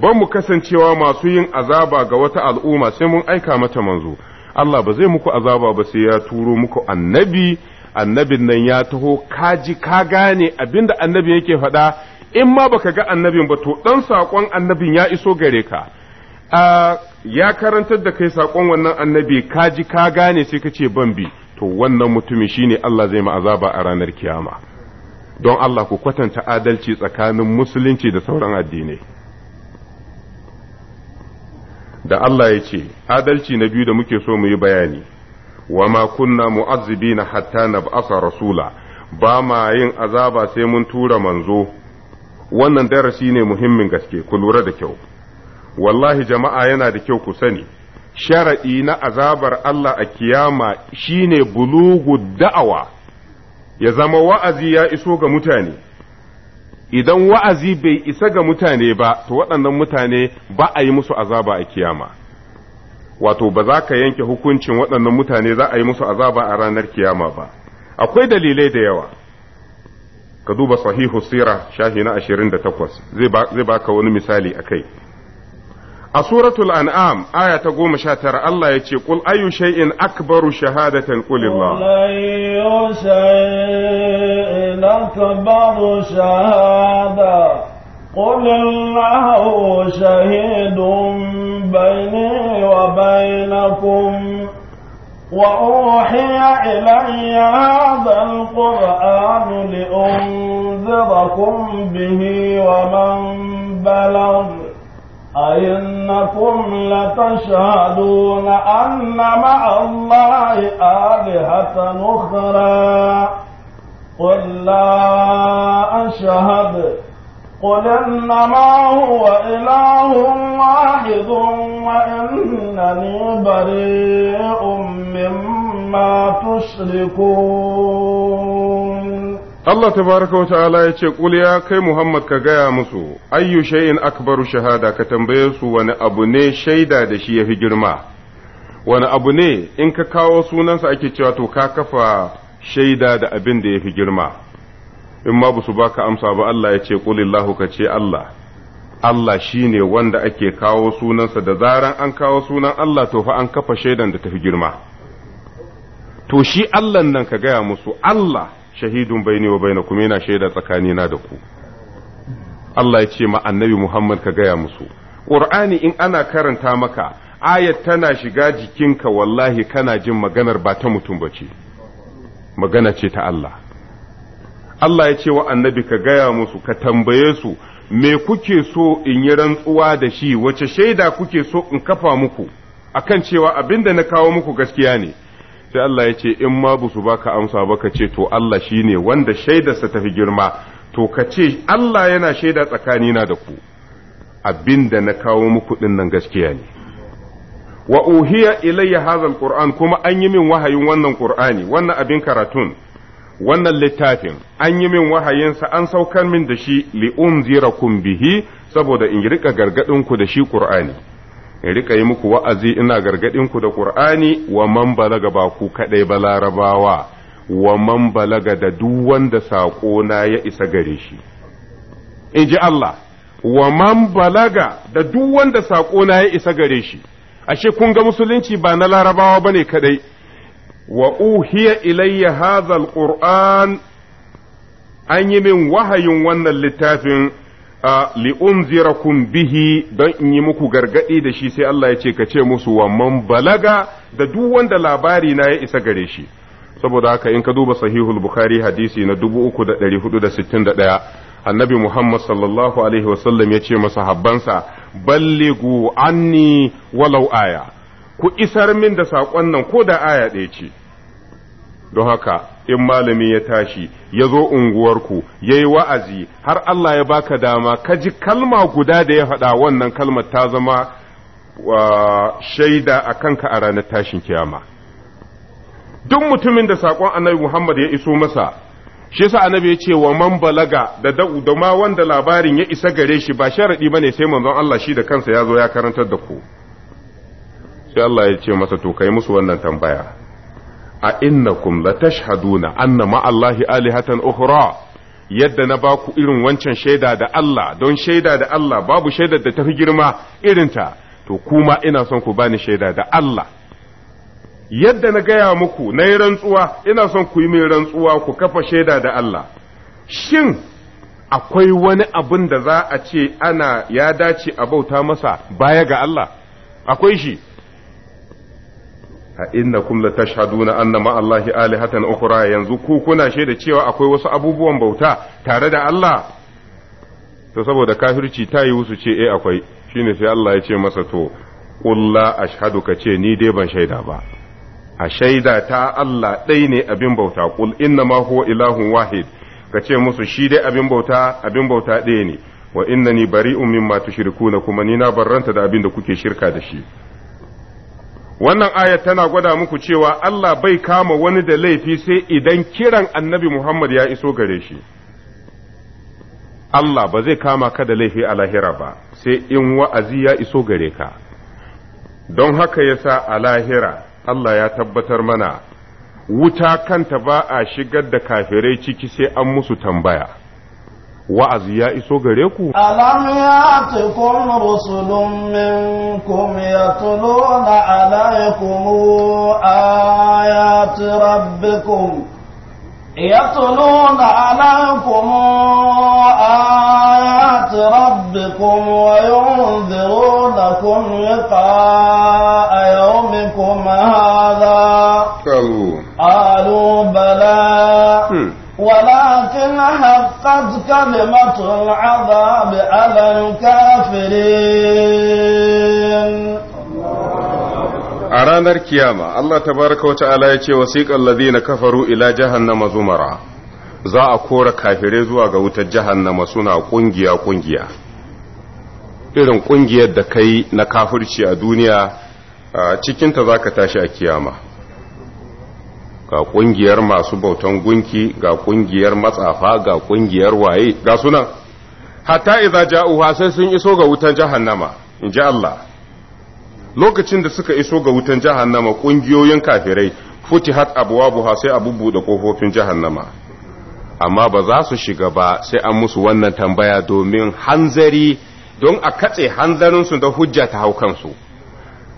Speaker 2: ban mu kasancewa masu yin azaba ga wata al'umma sai mun aika mata manzo Allah ba zai muku azaba ba sai ya turo muku annabi annabin nan ya taho kaji ka gane abinda annabi yake faɗa in ma baka ga annabin ba to dan sakon annabin ya iso gare ka ya karantar da kai sakon wannan annabi kaji ka gane sai ka ce ban bi to wannan mutumi shine Allah zai ma azaba a ranar kiyama don Allah ku kwatanta adalci tsakanin musulunci da sauran addinai da Allah ya ce adalci na biyu da muke so mu yi bayani wa ma kunna mu'azzibina hatta nab'asa rasula ba ma yin azaba sai mun tura manzo wannan darasi ne muhimmin gaske ku lura da kyau wallahi jama'a yana da kyau ku sani sharaɗi na azabar Allah a kiyama shine bulugu da'awa ya zama wa'azi ya iso ga mutane idan wa'azi bai isa ga mutane ba to waɗannan mutane ba a yi musu azaba a kiyama wato ba za ka yanke hukuncin waɗannan mutane za a yi musu azaba a ranar kiyama ba akwai dalilai da yawa ka duba sahihu sira shahi na ashirin da 28 zai baka wani misali a kai a suratul an'am aya ta goma sha tara Allah ya ce kul ayu shay'in akbaru shahadatan qul Allah qul
Speaker 1: ayu akbaru shahada qul Allahu shahidun bayni wa وأوحي إلي هذا القرآن لأنذركم به ومن بلغ أئنكم لتشهدون أن مع الله آلهة أخرى قل لا أشهد قل إنما هو إله واحد وإنني بريء مما تشركون
Speaker 2: Allah ta baraka wa ta'ala ya ce qul ya kai Muhammad ka gaya musu ayyu shay'in akbaru shahada ka tambaye su wani abu ne shaida da shi ya fi girma wani abu ne in ka kawo sunansa ake cewa to ka kafa shaida da abin da ya fi girma in ma su ka amsa ba Allah ya ce qulillahu ka ce Allah Allah shi ne wanda ake kawo sunansa da zaran an kawo sunan Allah to fa an kafa shaidan da ta fi girma to shi Allah nan ka gaya musu Allah shahidun baini wa kuma yana shaida tsakani na da ku Allah ya ce ma annabi Muhammad ka gaya musu Qur'ani in ana karanta maka ayat tana shiga jikinka wallahi kana jin maganar ba ta mutum bace magana ce ta Allah Allah ya ce wa annabi ka gaya musu ka tambaye su me kuke so in yi rantsuwa da shi wace shaida kuke so in kafa muku akan cewa abinda na kawo muku gaskiya ne sai Allah ya ce in ma busu baka amsa ba ka ce to Allah shine wanda shaidarsa ta fi girma to ka ce Allah yana shaida tsakanina da ku abinda na kawo muku din nan gaskiya ne wa uhiya ilayya hadha alquran kuma an yi min wahayin wannan qur'ani wannan abin karatun wannan littafin an yi min wahayinsa an saukar min da shi li unzirakum bihi saboda in rika gargadin ku da shi qur'ani in rika yi muku wa'azi ina gargadin ku da ƙur'ani wa man balaga ba ku kaɗai ba larabawa wa man balaga da duk wanda na ya isa gare shi in ji Allah wa man balaga da duk wanda saƙo na ya isa gare shi ashe kun ga musulunci ba na larabawa ba ne kaɗai wa uhiya ilayya hadha alquran an yi min wahayin wannan littafin A li'unzirakum bihi don in yi muku gargadi da shi sai Allah ya ce ka ce musu wa man balaga da duk wanda labari na ya isa gare shi saboda haka in ka duba sahihul bukhari hadisi na 3461 annabi muhammad sallallahu alaihi wasallam ya ce masahabbansa balligu anni walau aya ku isar min da saƙon nan ko da aya ɗaya ce don haka in malami ya tashi ya zo unguwarku ya yi wa'azi har Allah ya baka dama ka ji kalma guda da ya faɗa wannan kalmar ta zama shaida a kanka a ranar tashin kiyama duk mutumin da saƙon annabi Muhammad ya iso masa shi yasa annabi ya ce wa man balaga da da ma wanda labarin ya isa gare shi ba sharaɗi ba ne sai manzon Allah shi da kansa ya zo ya karantar da ku sai Allah ya ce masa to kai musu wannan tambaya a inna innakum tashhaduna anna Allahi alihatan ukhra yadda na ba ku irin wancan shaida da Allah don shaida da Allah babu shaidar da tafi girma irin ta to kuma ina son ku bani shaida da Allah yadda na gaya muku na yi rantsuwa ina son ku yi mai rantsuwa ku kafa shaida da Allah shin akwai wani abin da za a ce ana ya dace a bauta masa baya ga Allah akwai shi a inna kum la tashhaduna anna ma Allahi alihatan ukhra yanzu ku kuna shaida cewa akwai wasu abubuwan bauta tare da Allah to saboda kafirci ta yi su ce eh akwai shine sai Allah ya ce masa to qul la ashhadu ka ce ni dai ban shaida ba a shaida ta Allah ɗai ne abin bauta qul inna ma huwa ilahun wahid ka ce musu shi dai abin bauta abin bauta ɗaya ne wa innani bari'un mimma tushrikuna kuma ni na barranta da abin da kuke shirka da shi wannan aya tana gwada muku cewa Allah bai kama wani da laifi sai idan kiran annabi Muhammad ya iso gare shi Allah ba zai kama ka da laifi a lahira ba sai in wa'azi ya iso gare ka don haka yasa a lahira Allah ya tabbatar mana wuta kanta ba a shigar da kafirai ciki sai an musu tambaya wa'azi ya iso gare ku
Speaker 1: alam ya'tikum rusulun minkum yatluna alaykum ayati rabbikum يتلون عليكم آيات ربكم وينذرونكم لقاء يومكم هذا قالوا بلى ولكن حقت كلمة العذاب على الكافرين
Speaker 2: a ranar kiyama Allah ta baraka Wata Ala ya ce wasiqal na kafaru ila jahannama zumara za a kora kafire zuwa ga wutar jahannama suna ƙungiya-ƙungiya. irin ƙungiyar da kai na kafirci a duniya cikinta za ka tashi a kiyama ga kungiyar masu bautan gunki ga kungiyar matsafa ga kungiyar waye ga sunan hatta idza ja'uha sai sun iso ga wutan jahannama in ji Allah lokacin da suka iso ga wutan jahannama kungiyoyin kafirai futihat abwabuha sai a da kofofin jahannama amma ba za su shiga ba sai an musu wannan tambaya domin hanzari don a katse hanzarinsu da hujja ta hau kansu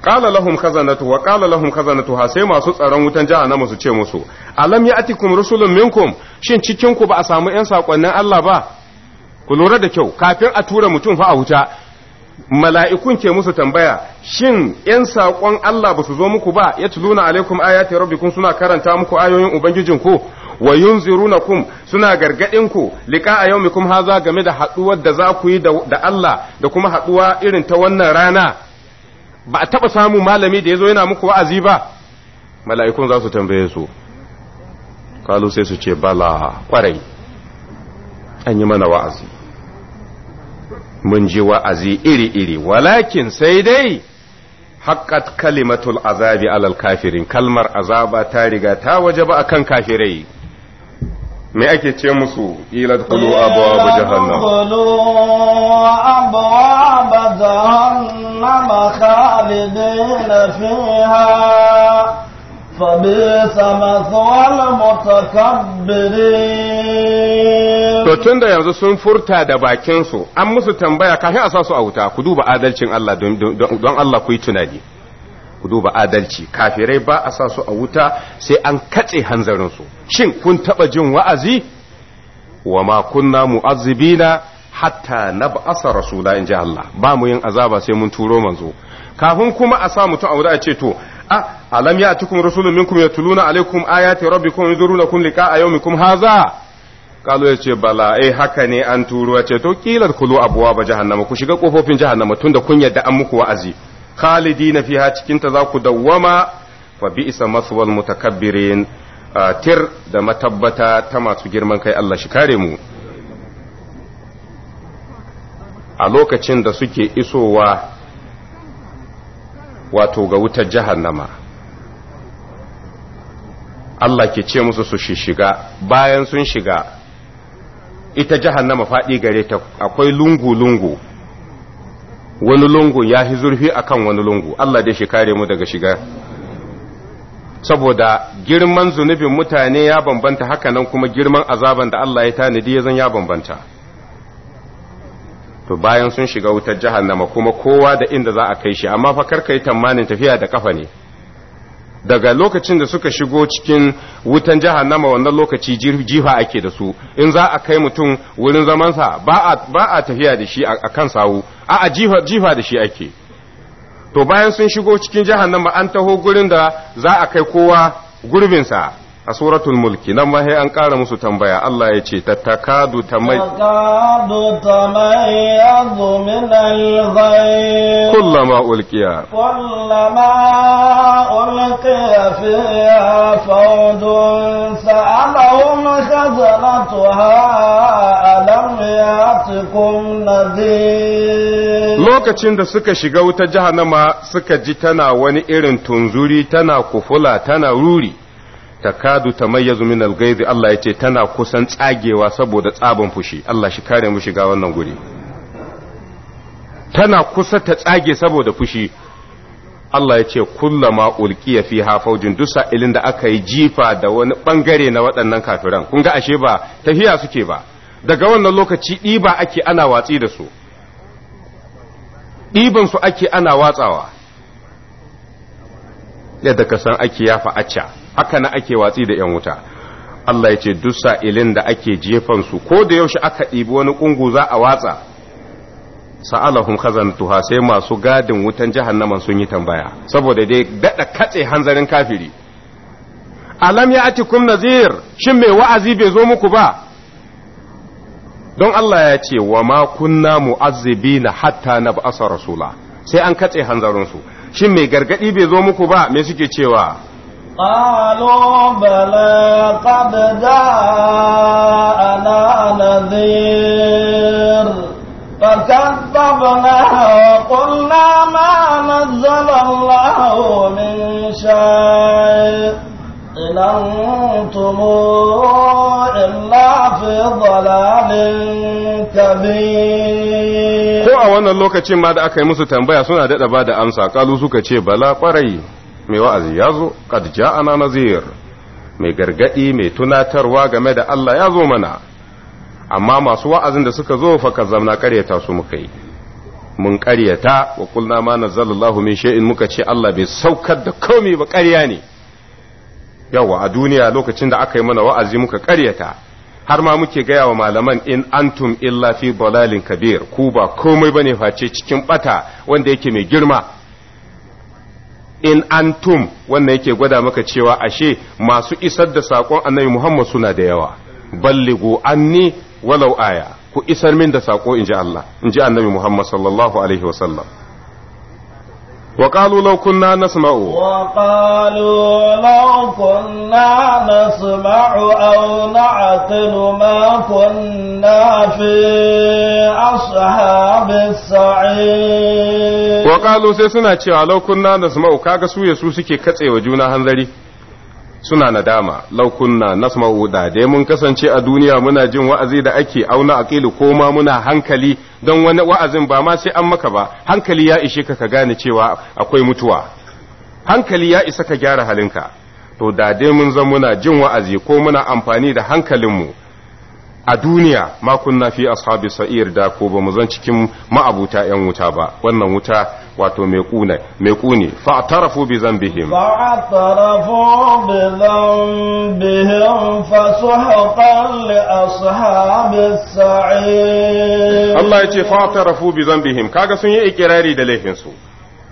Speaker 2: qala lahum khazanatu wa qala lahum sai masu tsaron wutan na musu ce musu alam ya'tikum rusulun minkum shin cikin ku ba a samu yan sakonnin Allah ba ku lura da kyau kafin a tura mutum fa a wuta mala'ikun ke musu tambaya shin ‘yan sakon Allah ba su zo muku ba ya tuluna alaikum ayati rabbikum suna karanta muku ayoyin ubangijin Ubangijinku wa yunzirunakum suna ku liƙa a yau haza game da haɗuwar da za ku yi da Allah da kuma haɗuwa irin ta wannan rana ba a taɓa samu malami da ya zo yana muku wa'azi ba mala'ikun za su tambaye su kalu sai su ce bala kwarai an yi mana wa'azi mun ji wa'azi iri-iri walakin sai dai haƙƙat kalimatul azabi alal kafirin kalmar azaba ta riga ta waje ba a kan kafirai me ake ce musu ila kulu abwaab ba
Speaker 1: abwaab jahannam khalidina fiha to
Speaker 2: da yanzu sun furta da bakinsu an musu tambaya kafin a sa su a wuta ku duba adalcin Allah don Allah ku yi tunani ku duba adalci kafirai ba a sa su a wuta sai an katse hanzarinsu shin kun taba jin wa'azi wa ma kunna mu'azzibina hatta na nab'asa rasula in ji Allah ba mu yin azaba sai mun turo manzo kafin kuma a sa mutum a wuta a ce to a ah, alam ya'tikum rusulun minkum yatluna alaikum ayati rabbikum yunzirunakum liqa'a yawmikum hadha kalu ya ce bala eh haka ne an turo ya ce to kila kulu abuwa ba jahannama ku shiga kofofin jahannama tunda kun yadda an muku wa'azi khalidina fiha cikin ta za ku dawwama fa bi'sa maswal mutakabbirin tir da matabbata ta masu girman kai Allah shi kare mu a lokacin da suke isowa wato ga wutar jahannama Allah ke ce musu su shiga bayan sun shiga ita jahannama faɗi gare ta akwai lungu-lungu wani lungu ya fi zurfi akan wani lungu Allah dai shi kare mu daga shiga saboda girman zunubin mutane ya bambanta hakanan kuma girman azaban da Allah ya tanadi ya zan ya bambanta to bayan sun shiga wutar jahannama kuma kowa da inda za a kai shi amma fa ka yi tamanin tafiya da kafa ne daga lokacin da suka shigo cikin wutan jahannama wannan lokaci jifa ake da su in za a kai mutum wurin zamansa ba a tafiya da shi a kan sawu a a jifa da shi ake to bayan sun shigo cikin jahannama an taho gurin da za a kai kowa gurbinsa a suratul mulki nan ma sai an ƙara musu tambaya Allah ya ce tattakadu tamai
Speaker 1: tattakadu tamai min al kullama ulqiya kullama ulqiya fiha fawdun sa'alahum khazanatuha alam yatikum nadhir
Speaker 2: lokacin da suka shiga wuta jahannama suka ji tana wani irin tunzuri tana kufula tana ruri takadu ta min al Allah Allah yace tana kusan tsagewa saboda tsaban fushi Allah shi kare mu shiga wannan guri tana kusa ta tsage saboda fushi Allah ya ce kullama ulqiya fiha hafaujin duk sa'ilin da aka yi jifa da wani bangare na waɗannan kafiran kun ga ashe ba tafiya suke ba daga wannan lokaci ɗiba ake ana watsi da su ɗiban su ake ana watsawa yadda ka san ake yafa acca haka na ake watsi da yan wuta Allah ya ce duk sa'ilin da ake jefan su ko da yaushe aka ɗibi wani ƙungu za a watsa sa'alahum tuha sai masu gadin wutan jahannama sun yi tambaya saboda dai dada katse hanzarin kafiri alam ya atikum nazir shin mai wa'azi bai zo muku ba don Allah ya ce wa ma kunna mu'azzibina hatta na nab'asa rasula sai an katse hanzarin su shin mai gargadi bai zo muku ba me suke cewa
Speaker 1: قالوا بلى قد جاءنا نذير فكذبنا وقلنا ما نزل الله من شيء إن أنتم إلا في ضلال كبير ko
Speaker 2: a wannan lokacin ma da aka yi musu tambaya suna daɗa ba da amsa kalu suka ce bala ƙwarai mai wa'azi ya zo qad ja'ana nazir mai gargaɗi mai tunatarwa game da Allah ya zo mana amma masu wa'azin da suka zo fa zamna ƙaryata su muka yi mun ƙaryata wa kulna ma nazzalallahu min shay'in muka ce Allah bai saukar da komai ba ƙarya ne yawa a duniya lokacin da aka yi mana wa'azi muka ƙaryata har ma muke gaya wa malaman in antum illa fi kabir ku ba komai bane face cikin bata wanda yake mai girma in antum wannan yake gwada maka cewa ashe masu isar da saƙon annabi Muhammad suna da yawa balligu anni walau aya ku isar min da saƙo inji Allah inji annabi Muhammad sallallahu alaihi wa qalu law kunna nasma'u
Speaker 1: wa qalu law kunna nasma'u aw نعقل ma kunna fi ashabis السعير
Speaker 2: wa sai suna cewa law kunna nasma'u kaga su yasu suke wa juna hanzari suna nadama law kunna nasma'u da dai mun kasance a duniya muna jin wa'azi da ake auna aqilu ko ma muna hankali don wani wa'azin ba ma sai an maka ba hankali ya ishe ka ka gane cewa akwai mutuwa hankali ya isa ka gyara halinka to da dai mun zan muna jin wa'azi ko muna amfani da hankalinmu a duniya ma kunna fi ashabi sa'ir da ko ba mu zan cikin ma'abuta yan wuta ba wannan wuta wato mai kuna mai kuni fa tarafu bi zambihim
Speaker 1: fa tarafu bi zambihim fa suhqan li ashabi sa'ir Allah yace fa
Speaker 2: tarafu bi zambihim kaga sun yi ikirari da laifin su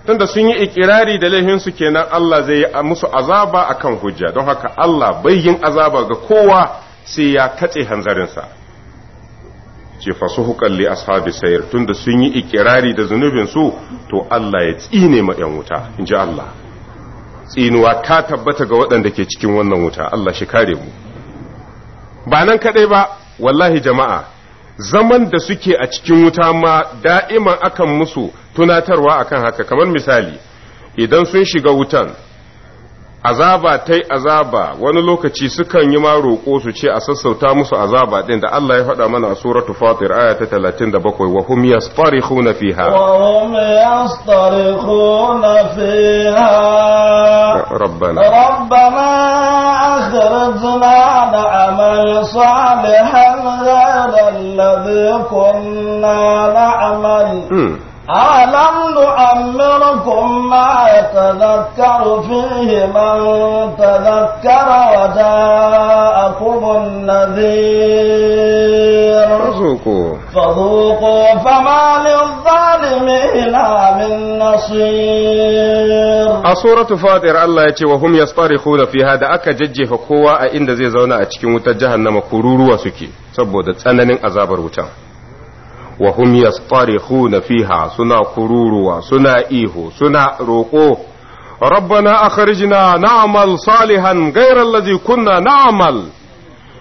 Speaker 2: tunda sun yi ikirari da laifinsu kenan Allah zai yi musu azaba akan hujja don haka Allah bai yin azaba ga kowa sai ya katse hanzarinsa ce fasu hukalli ashabi sayar tunda sun yi ikirari da zunubinsu to Allah ya tsine ma ‘yan wuta in ji Allah tsinuwa ta tabbata ga waɗanda ke cikin wannan wuta Allah shi kare mu ba nan kaɗai ba wallahi jama'a zaman da suke a cikin wuta ma da'iman akan musu tunatarwa akan haka kamar misali idan sun shiga wutan azaba ta azaba wani lokaci sukan yi ma roƙo su ce a sassauta musu azaba ɗin da Allah ya faɗa mana a suratu fatir aya ta 37 wa hum yastarikhuna fiha
Speaker 1: wa hum yastarikhuna fiha rabbana rabbana akhrijna amal salihan ghayra alladhi kunna na'mal hmm. ألم نعمركم ما يتذكر فيه من تذكر وجاءكم النذير فذوقوا فذوقوا فما للظالمين من نصير
Speaker 2: سورة فاطر الله يتي وهم يصطرخون في هذا أكا ججي فقوة إن ذي زونا أتكي متجهنم كرورو وسكي سبو دتسنن أزابر وتان wa hum yastarikhuna fiha suna kururuwa suna ihu suna roƙo rabbana akhrijna namal salihan ghayra الذي kunna na'mal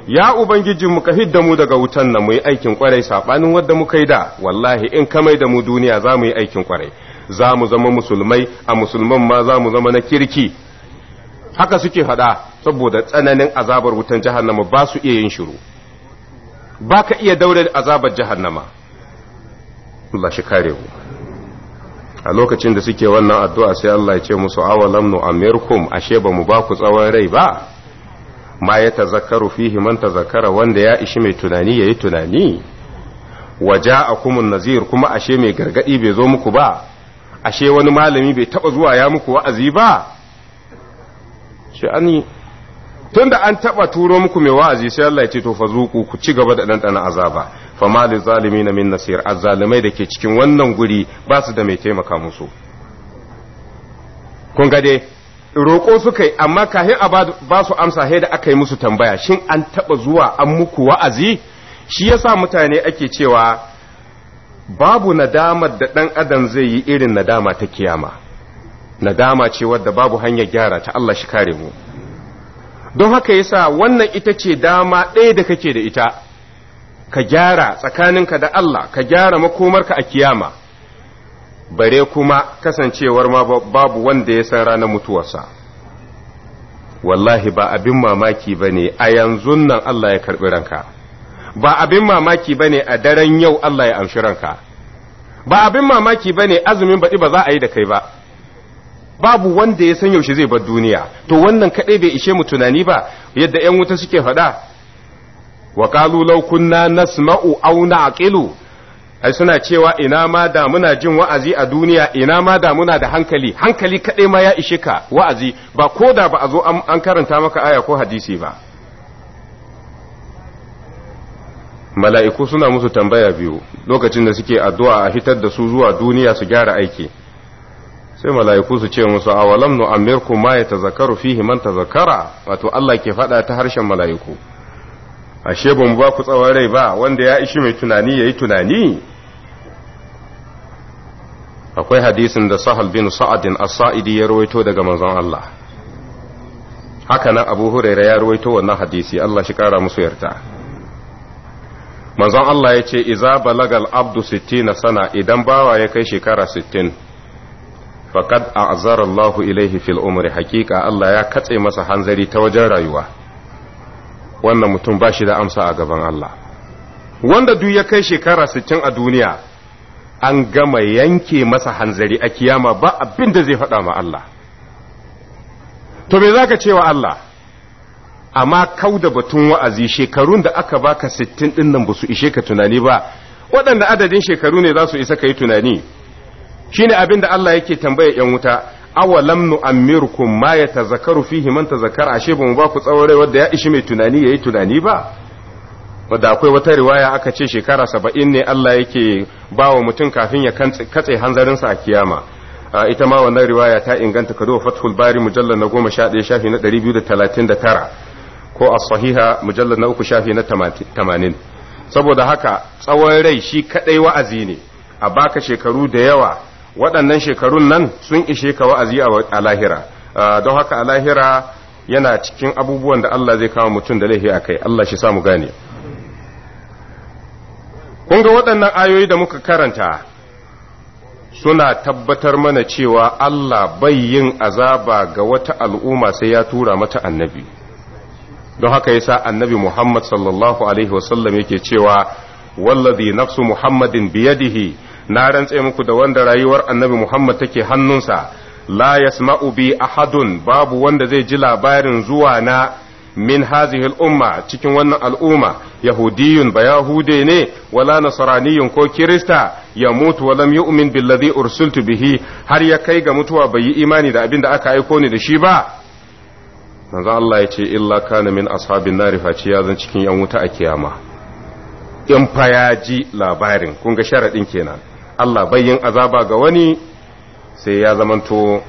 Speaker 2: ya ubangiji ka hidda mu daga wutan nan mu yi aikin kwarai sabanin wanda muka yi da wallahi in ka mai da mu duniya za mu yi aikin kwarai za mu zama musulmai a musulman ma za mu zama na kirki haka suke faɗa saboda tsananin azabar wutan jahannama ba su iya yin shiru ba ka iya daure azabar jahannama Allah shi kare ku a lokacin da suke wannan addu'a sai Allah ya ce musu awalam nu amirkum ashe ba mu ba ku tsawon rai ba ma ya Zakaru fihi man tazakara wanda ya ishi mai tunani yayi tunani a kumun nazir kuma ashe mai gargadi bai zo muku ba ashe wani malami bai taba zuwa ya muku wa'azi ba sha'ani tunda an taba turo muku mai wa'azi sai Allah ya ce to fa zuku ku ci gaba da ɗanɗana azaba fama li na min nasir azzalimai da ke cikin wannan guri ba su da mai taimaka musu kun ga dai roƙo suka yi amma kahin a ba su amsa he da aka yi musu tambaya shin an taɓa zuwa an muku wa'azi shi yasa mutane ake cewa babu nadamar da ɗan adam zai yi irin nadama ta kiyama nadama ce wadda babu hanyar gyara ta Allah shi kare mu don haka yasa wannan ita ce dama ɗaya da kake da ita ka gyara tsakaninka da Allah ka gyara makomarka a kiyama bare kuma kasancewar ma babu wanda ya san ranar mutuwarsa wallahi ba abin mamaki ba a yanzu nan Allah ya karɓi ranka ba abin mamaki ba a daren yau Allah ya amshi ranka ba abin mamaki ba azumin baɗi ba za a yi da kai ba babu wanda ya san yaushe zai bar duniya to wannan kaɗai bai ishe mu tunani ba yadda 'yan wuta suke faɗa wa kalu law kunna nasma'u aw na'qilu ai suna cewa ina ma da muna jin wa'azi a duniya ina ma da muna da hankali hankali kadai ma ya ishe ka wa'azi ba ko da ba a zo an karanta maka aya ko hadisi ba mala'iku suna musu tambaya biyu lokacin da suke addu'a a fitar da su zuwa duniya su gyara aiki sai mala'iku su ce musu awalam nu amirku ma ya tazakaru fihi man tazakara wato Allah ke faɗa ta harshen mala'iku ashe ba mu ba ku tsawon rai ba wanda ya ishi mai tunani ya yi tunani akwai hadisin da sahal bin sa'adin as-sa'idi ya rawaito daga manzon Allah haka nan abu huraira ya rawaito wannan hadisi Allah shi kara musu yarda manzon Allah ya ce iza balagal abdu sittina sana idan bawa ya kai shekara sittin faqad a'zara Allahu ilaihi fil umri haqiqa Allah ya katse masa hanzari ta wajen rayuwa wannan mutum ba shi da amsa a gaban Allah wanda duk ya kai shekara 60 a duniya an gama yanke masa hanzari a kiyama ba abin da zai faɗa ma Allah to me zaka cewa Allah amma kau da batun wa'azi shekarun da aka baka 60 din nan ba su ishe ka tunani ba waɗanda adadin shekaru ne za su isa ka yi tunani shine abin da Allah yake tambaya yan wuta awalam amirkum ma zakaru fihi man tazakara ashe ba mu ba ku tsawon rai wanda ya ishi mai tunani yayi tunani ba wadda akwai wata riwaya aka ce shekara saba'in ne Allah yake ba wa mutum kafin ya katse hanzarinsa a kiyama ita ma wannan riwaya ta inganta kado fathul bari mujallar na goma sha ɗaya shafi na ɗari biyu da talatin da tara ko a sahiha mujallar na uku shafi na tamanin saboda haka tsawon rai shi kaɗai wa'azi ne a baka shekaru da yawa waɗannan shekarun nan sun ishe ka wa'azi a lahira ah, don haka a lahira yana cikin abubuwan da Allah zai kama mutum da laifi a kai Allah shi samu gane kun ga waɗannan ayoyi da muka karanta suna tabbatar mana cewa Allah bai yin azaba ga wata al'umma sai ya tura mata annabi don haka yasa annabi Muhammad sallallahu alaihi wasallam yake cewa wallazi nafsu Muhammadin biyadihi na rantse muku da wanda rayuwar annabi Muhammad take hannunsa la yasma'u bi ahadun babu wanda zai ji labarin zuwa na min hazihil umma cikin wannan al'umma yahudiyun ba yahude ne wala nasraniyun ko kirista ya mutu wa lam yu'min billadhi ursiltu bihi har ya kai ga mutuwa bai yi imani da abin da aka aiko ni da shi ba manzo Allah ya ce illa kana min ashabin nari faci ya zan cikin yan wuta a kiyama in fa ya ji labarin kun ga sharadin kenan Allah bai azaba ga wani sai ya zamanto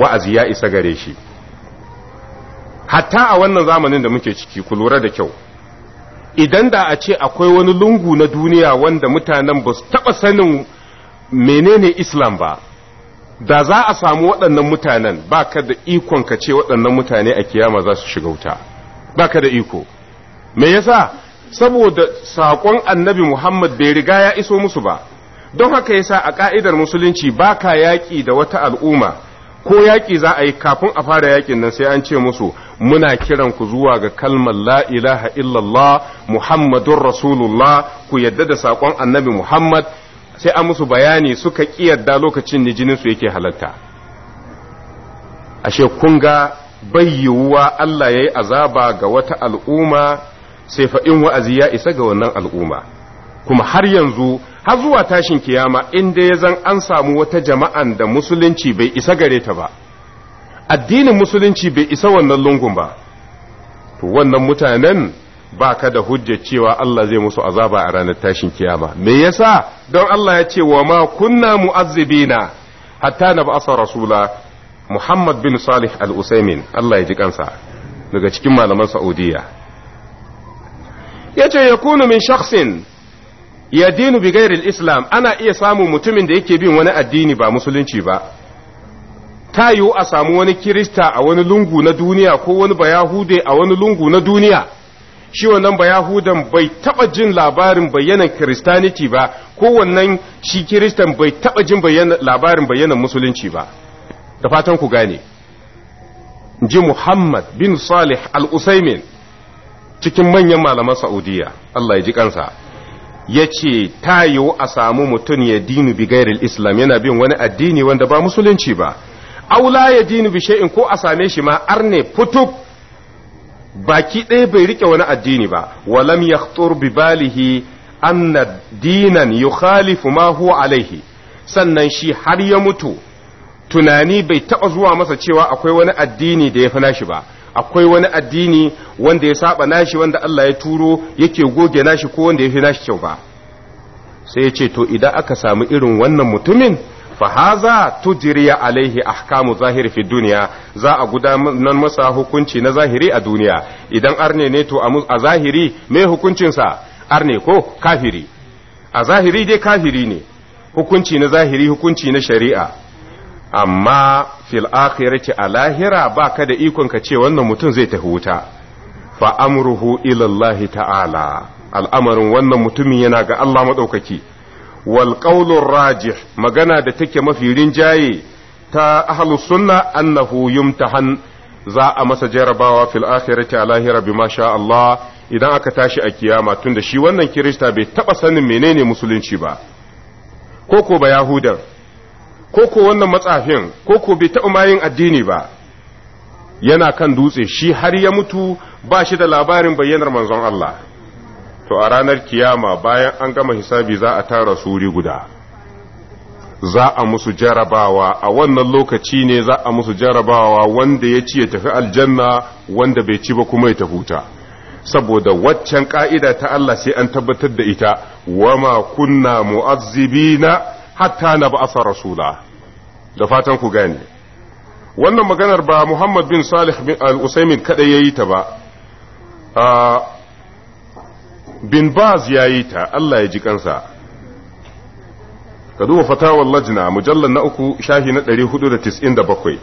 Speaker 2: wa'azi ya isa gare shi hatta a wannan zamanin da muke ciki ku lura da kyau idan da a ce akwai wani lungu na duniya wanda mutanen ba su taɓa sanin menene islam ba da za a samu waɗannan mutanen ba ka da ikon ka ce waɗannan mutane a kiyama za su shiga wuta ba ka da iko me yasa saboda saƙon annabi muhammad bai riga ya iso musu ba don haka yasa a ka'idar musulunci ba ka yaƙi da wata al'umma ko yaƙi za a yi kafin a fara yaƙin nan sai an ce musu muna kiran ku zuwa ga kalmar la ilaha illallah muhammadun rasulullah ku yadda da saƙon annabi muhammad sai an musu bayani suka ƙi yadda lokacin ni jinin su yake halatta ashe kun ga bai yiwuwa Allah ya yi azaba ga wata al'umma sai fa in wa'azi ya isa ga wannan al'umma kuma har yanzu har zuwa tashin kiyama inda ya zan an samu wata jama'an da musulunci bai isa gare ta ba addinin musulunci bai isa wannan lungun ba to wannan mutanen ba ka da hujjar cewa Allah zai musu azaba a ranar tashin kiyama me yasa don Allah ya ce wa ma kunna mu'azzibina hatta na ba'asa rasula Muhammad bin Salih al-Usaimin Allah ya ji kansa daga cikin malaman Saudiya yace yakunu min shakhsin ya dinu bi islam ana iya samun mutumin da yake bin wani addini ba musulunci ba ta yiwu a samu wani kirista a wani lungu na duniya ko wani bayahude a wani lungu na duniya shi wannan bayahudan bai taba jin labarin bayyanan kiristaniti ba ko wannan shi kiristan bai taba jin labarin bayyanan musulunci ba da fatan ku gane ji muhammad bin salih al-usaimin cikin manyan malaman saudiya allah ya ji kansa ya ce ta yiwu a samu mutum ya dinu bi gairil islam yana bin wani addini wanda ba musulunci ba aula ya dinu bi shay'in ko a same shi ma arne futuk baki ɗaya bai rike wani addini ba walam yakhtur bi balihi anna dinan yukhalifu ma huwa alaihi sannan shi har ya mutu tunani bai taɓa zuwa masa cewa akwai wani addini da ya fi nashi ba akwai wani addini wanda ya saba nashi wanda Allah ya turo yake goge nashi ko wanda ya fi nashi kyau ba sai ya ce to idan aka samu irin wannan mutumin fa haza tujriya alaihi ahkamu zahiri fi duniya za a gudanar masa hukunci na zahiri a duniya idan arne ne to a zahiri me hukuncinsa arne ko kafiri a zahiri dai kafiri ne hukunci na zahiri hukunci na shari'a amma fil akhirati a lahira ba ka da ikon ka ce wannan mutum zai tafi wuta fa amruhu ilallahi ta'ala al'amarin wannan mutumin yana ga Allah maɗaukaki wal qawlur rajih magana da take mafi rinjaye ta ahlus sunna annahu yumtahan za a masa jarabawa fil akhirati a lahira bima sha Allah idan aka tashi a kiyama tunda shi wannan kirista bai taba sanin menene musulunci ba ko ko ba yahudan ko wannan matsafin ko ko bai taɓa mayin addini ba yana kan dutse shi har ya mutu ba shi da labarin bayyanar manzon Allah to a ranar kiyama bayan an gama hisabi za a tara suri guda za a musu jarabawa a wannan lokaci ne za a musu jarabawa wanda ya ci ya tafi aljanna wanda bai ci ba kuma ya tafuta saboda waccan ka'ida ta Allah sai an tabbatar da ita wama kunna mu'azzibina hatta na ba'asa rasula da fatan ku gane wannan maganar ba Muhammad bin Salih bin Al-Usaimin kadai yayi ta ba bin Baz yayi ta Allah ya ji kansa ka duba fatawar lajna mujallar na uku shahi na 497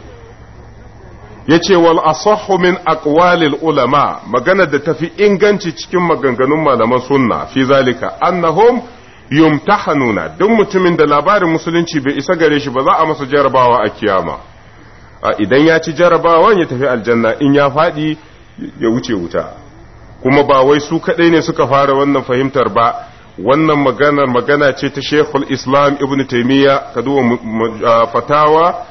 Speaker 2: ya ce wal asahhu min aqwalil ulama maganar da tafi inganci cikin maganganun malaman sunna fi zalika annahum yumtahanuna duk mutumin da labarin musulunci bai isa gare shi ba za a masa jarabawa a kiyama idan ya ci jarabawa ya tafi aljanna in ya faɗi ya wuce wuta kuma ba wai su kaɗai ne suka fara wannan fahimtar ba wannan maganar magana ce ta shekul islam ibn taimiyya ka duba fatawa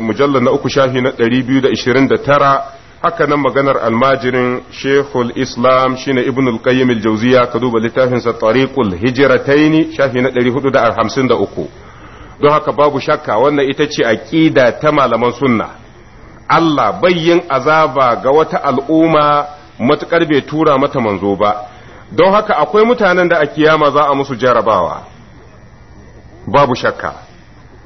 Speaker 2: mujallar na uku shafi na 229 haka nan maganar almajirin shekul islam shine ibn al-qayyim al-jawziya ka duba littafin sa tariqul hijratayn shafi na 453 don haka babu shakka wannan ita ce aqida ta malaman sunna Allah bayyin azaba ga wata al'umma matukar bai tura mata manzo ba don haka akwai mutanen da a kiyama za a musu jarabawa babu shakka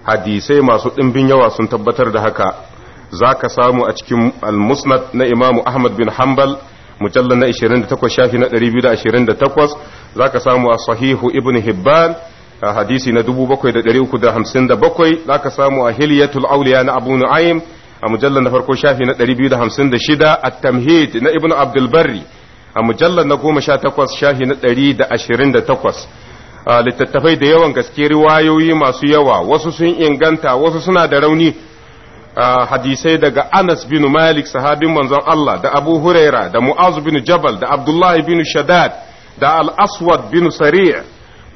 Speaker 2: hadisai masu ɗimbin yawa sun tabbatar da haka za ka samu a cikin almusnad na imamu ahmad bin hanbal mujallar na 28 shafi na 228 za ka samu a sahihu ibn hibban a hadisi na 7357 za ka samu a hilyatul auliya na abu nu'aym a mujallar na farko shafi na 256 a tamhid na ibn abdul barri a mujallar na 18 shafi na 128 littattafai da yawan gaske riwayoyi masu yawa wasu sun inganta wasu suna da rauni hadisai daga Anas bin Malik sahabin manzon Allah da Abu Huraira da Mu'az bin Jabal da Abdullahi bin Shaddad da Al-Aswad bin Sari'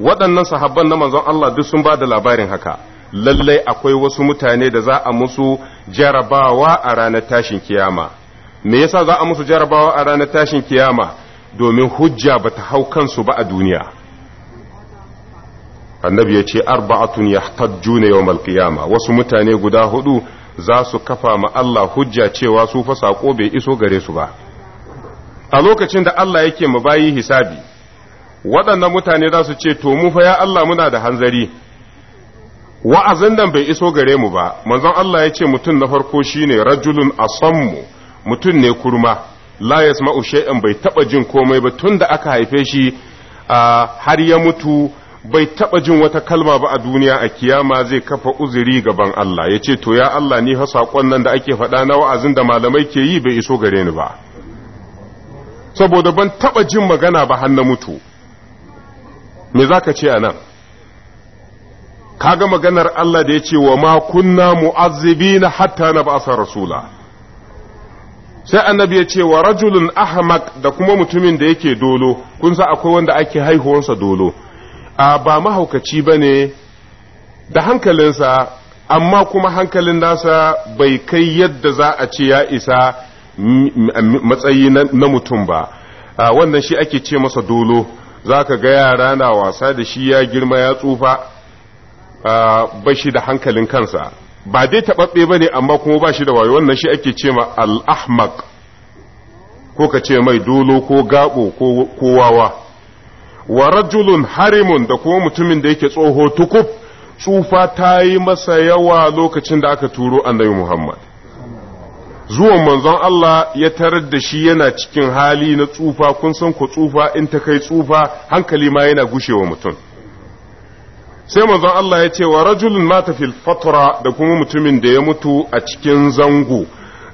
Speaker 2: waɗannan sahabban na manzon Allah duk sun ba da labarin haka lallai akwai wasu mutane da za a musu jarabawa a ranar tashin kiyama me yasa za a musu jarabawa a ranar tashin kiyama domin hujja bata hau kansu ba a duniya annabi ya ce arba'atun yahtajjuna yawmal qiyama wasu mutane guda hudu za su kafa ma Allah hujja cewa su fa sako bai iso gare su ba a lokacin da Allah yake mu bayi hisabi waɗannan mutane za su ce to mu fa ya Allah muna da hanzari wa'azin nan bai iso gare mu ba manzon Allah ya ce mutum na farko shine rajulun asammu mutum ne kurma la yasma'u shay'an bai taɓa jin komai ba tunda aka haife shi har ya mutu bai taɓa jin wata kalma ba a duniya a kiyama zai kafa uzuri gaban Allah ya ce to ya Allah ni fa saƙon nan da ake faɗa na wa'azin da malamai ke yi bai iso gare ni ba saboda ban taɓa jin magana ba har mutu me zaka ce anan nan kaga maganar Allah da ya ce wa ma kunna mu'azzibina hatta na ba'asa rasula sai annabi ya ce wa rajulun ahmak da kuma mutumin da yake dolo kun sa akwai wanda ake haihuwarsa dolo a ba mahaukaci ba ne da hankalinsa amma kuma hankalin nasa bai kai yadda za a ce ya isa matsayi na mutum ba wannan shi ake ce masa dolo za ka ga yara na wasa da shi ya girma ya tsufa ba shi da hankalin kansa ba dai taɓaɓɓe ba ne amma kuma ba shi da wayo wannan shi ake ce ma al'ahmak ko ka ce mai dolo ko gaɓo ko kowawa. wa rajulun harimun da kuma mutumin da yake tsoho tukuf tsufa ta yi masa yawa lokacin da aka turo annabi Muhammad zuwan manzon Allah ya tarar da shi yana cikin hali na tsufa kun san ku tsufa in ta kai tsufa hankali ma yana gushewa mutum sai manzon Allah ya ce wa rajulun mata fil fatra da kuma mutumin da ya mutu a cikin zango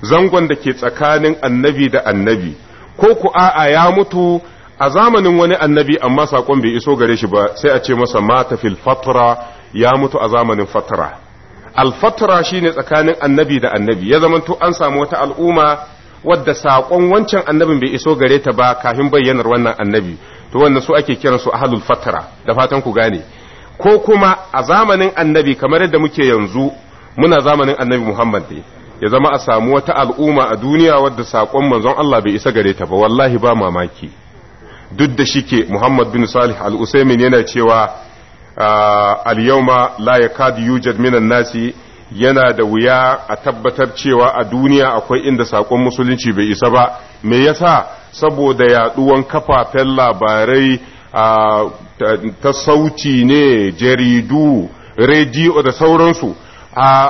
Speaker 2: zangon da ke tsakanin annabi da annabi ko ku a'a ya mutu a zamanin wani annabi amma sakon bai iso gare shi ba sai a ce masa mata fil fatra ya mutu a zamanin fatra alfatra shine tsakanin annabi da annabi ya zamanto an samu wata al'umma wadda saƙon wancan annabin bai iso gare ta ba kafin bayyanar wannan annabi to wannan su ake kiransu ahlul fatra da fatan ku gane ko kuma a zamanin annabi kamar yadda muke yanzu muna zamanin annabi Muhammad ne ya zama a samu wata al'umma a duniya wadda sakon manzon Allah bai isa gare ta ba wallahi ba mamaki duk da shike Muhammad bin Salih al-Usaimin yana cewa ah, al-yawma la yakad yujad minan nasi yana da wuya a tabbatar cewa a duniya akwai inda sakon musulunci bai isa ba me yasa saboda yaduwan kafafen labarai ah, ta sauti ne jaridu rediyo da sauransu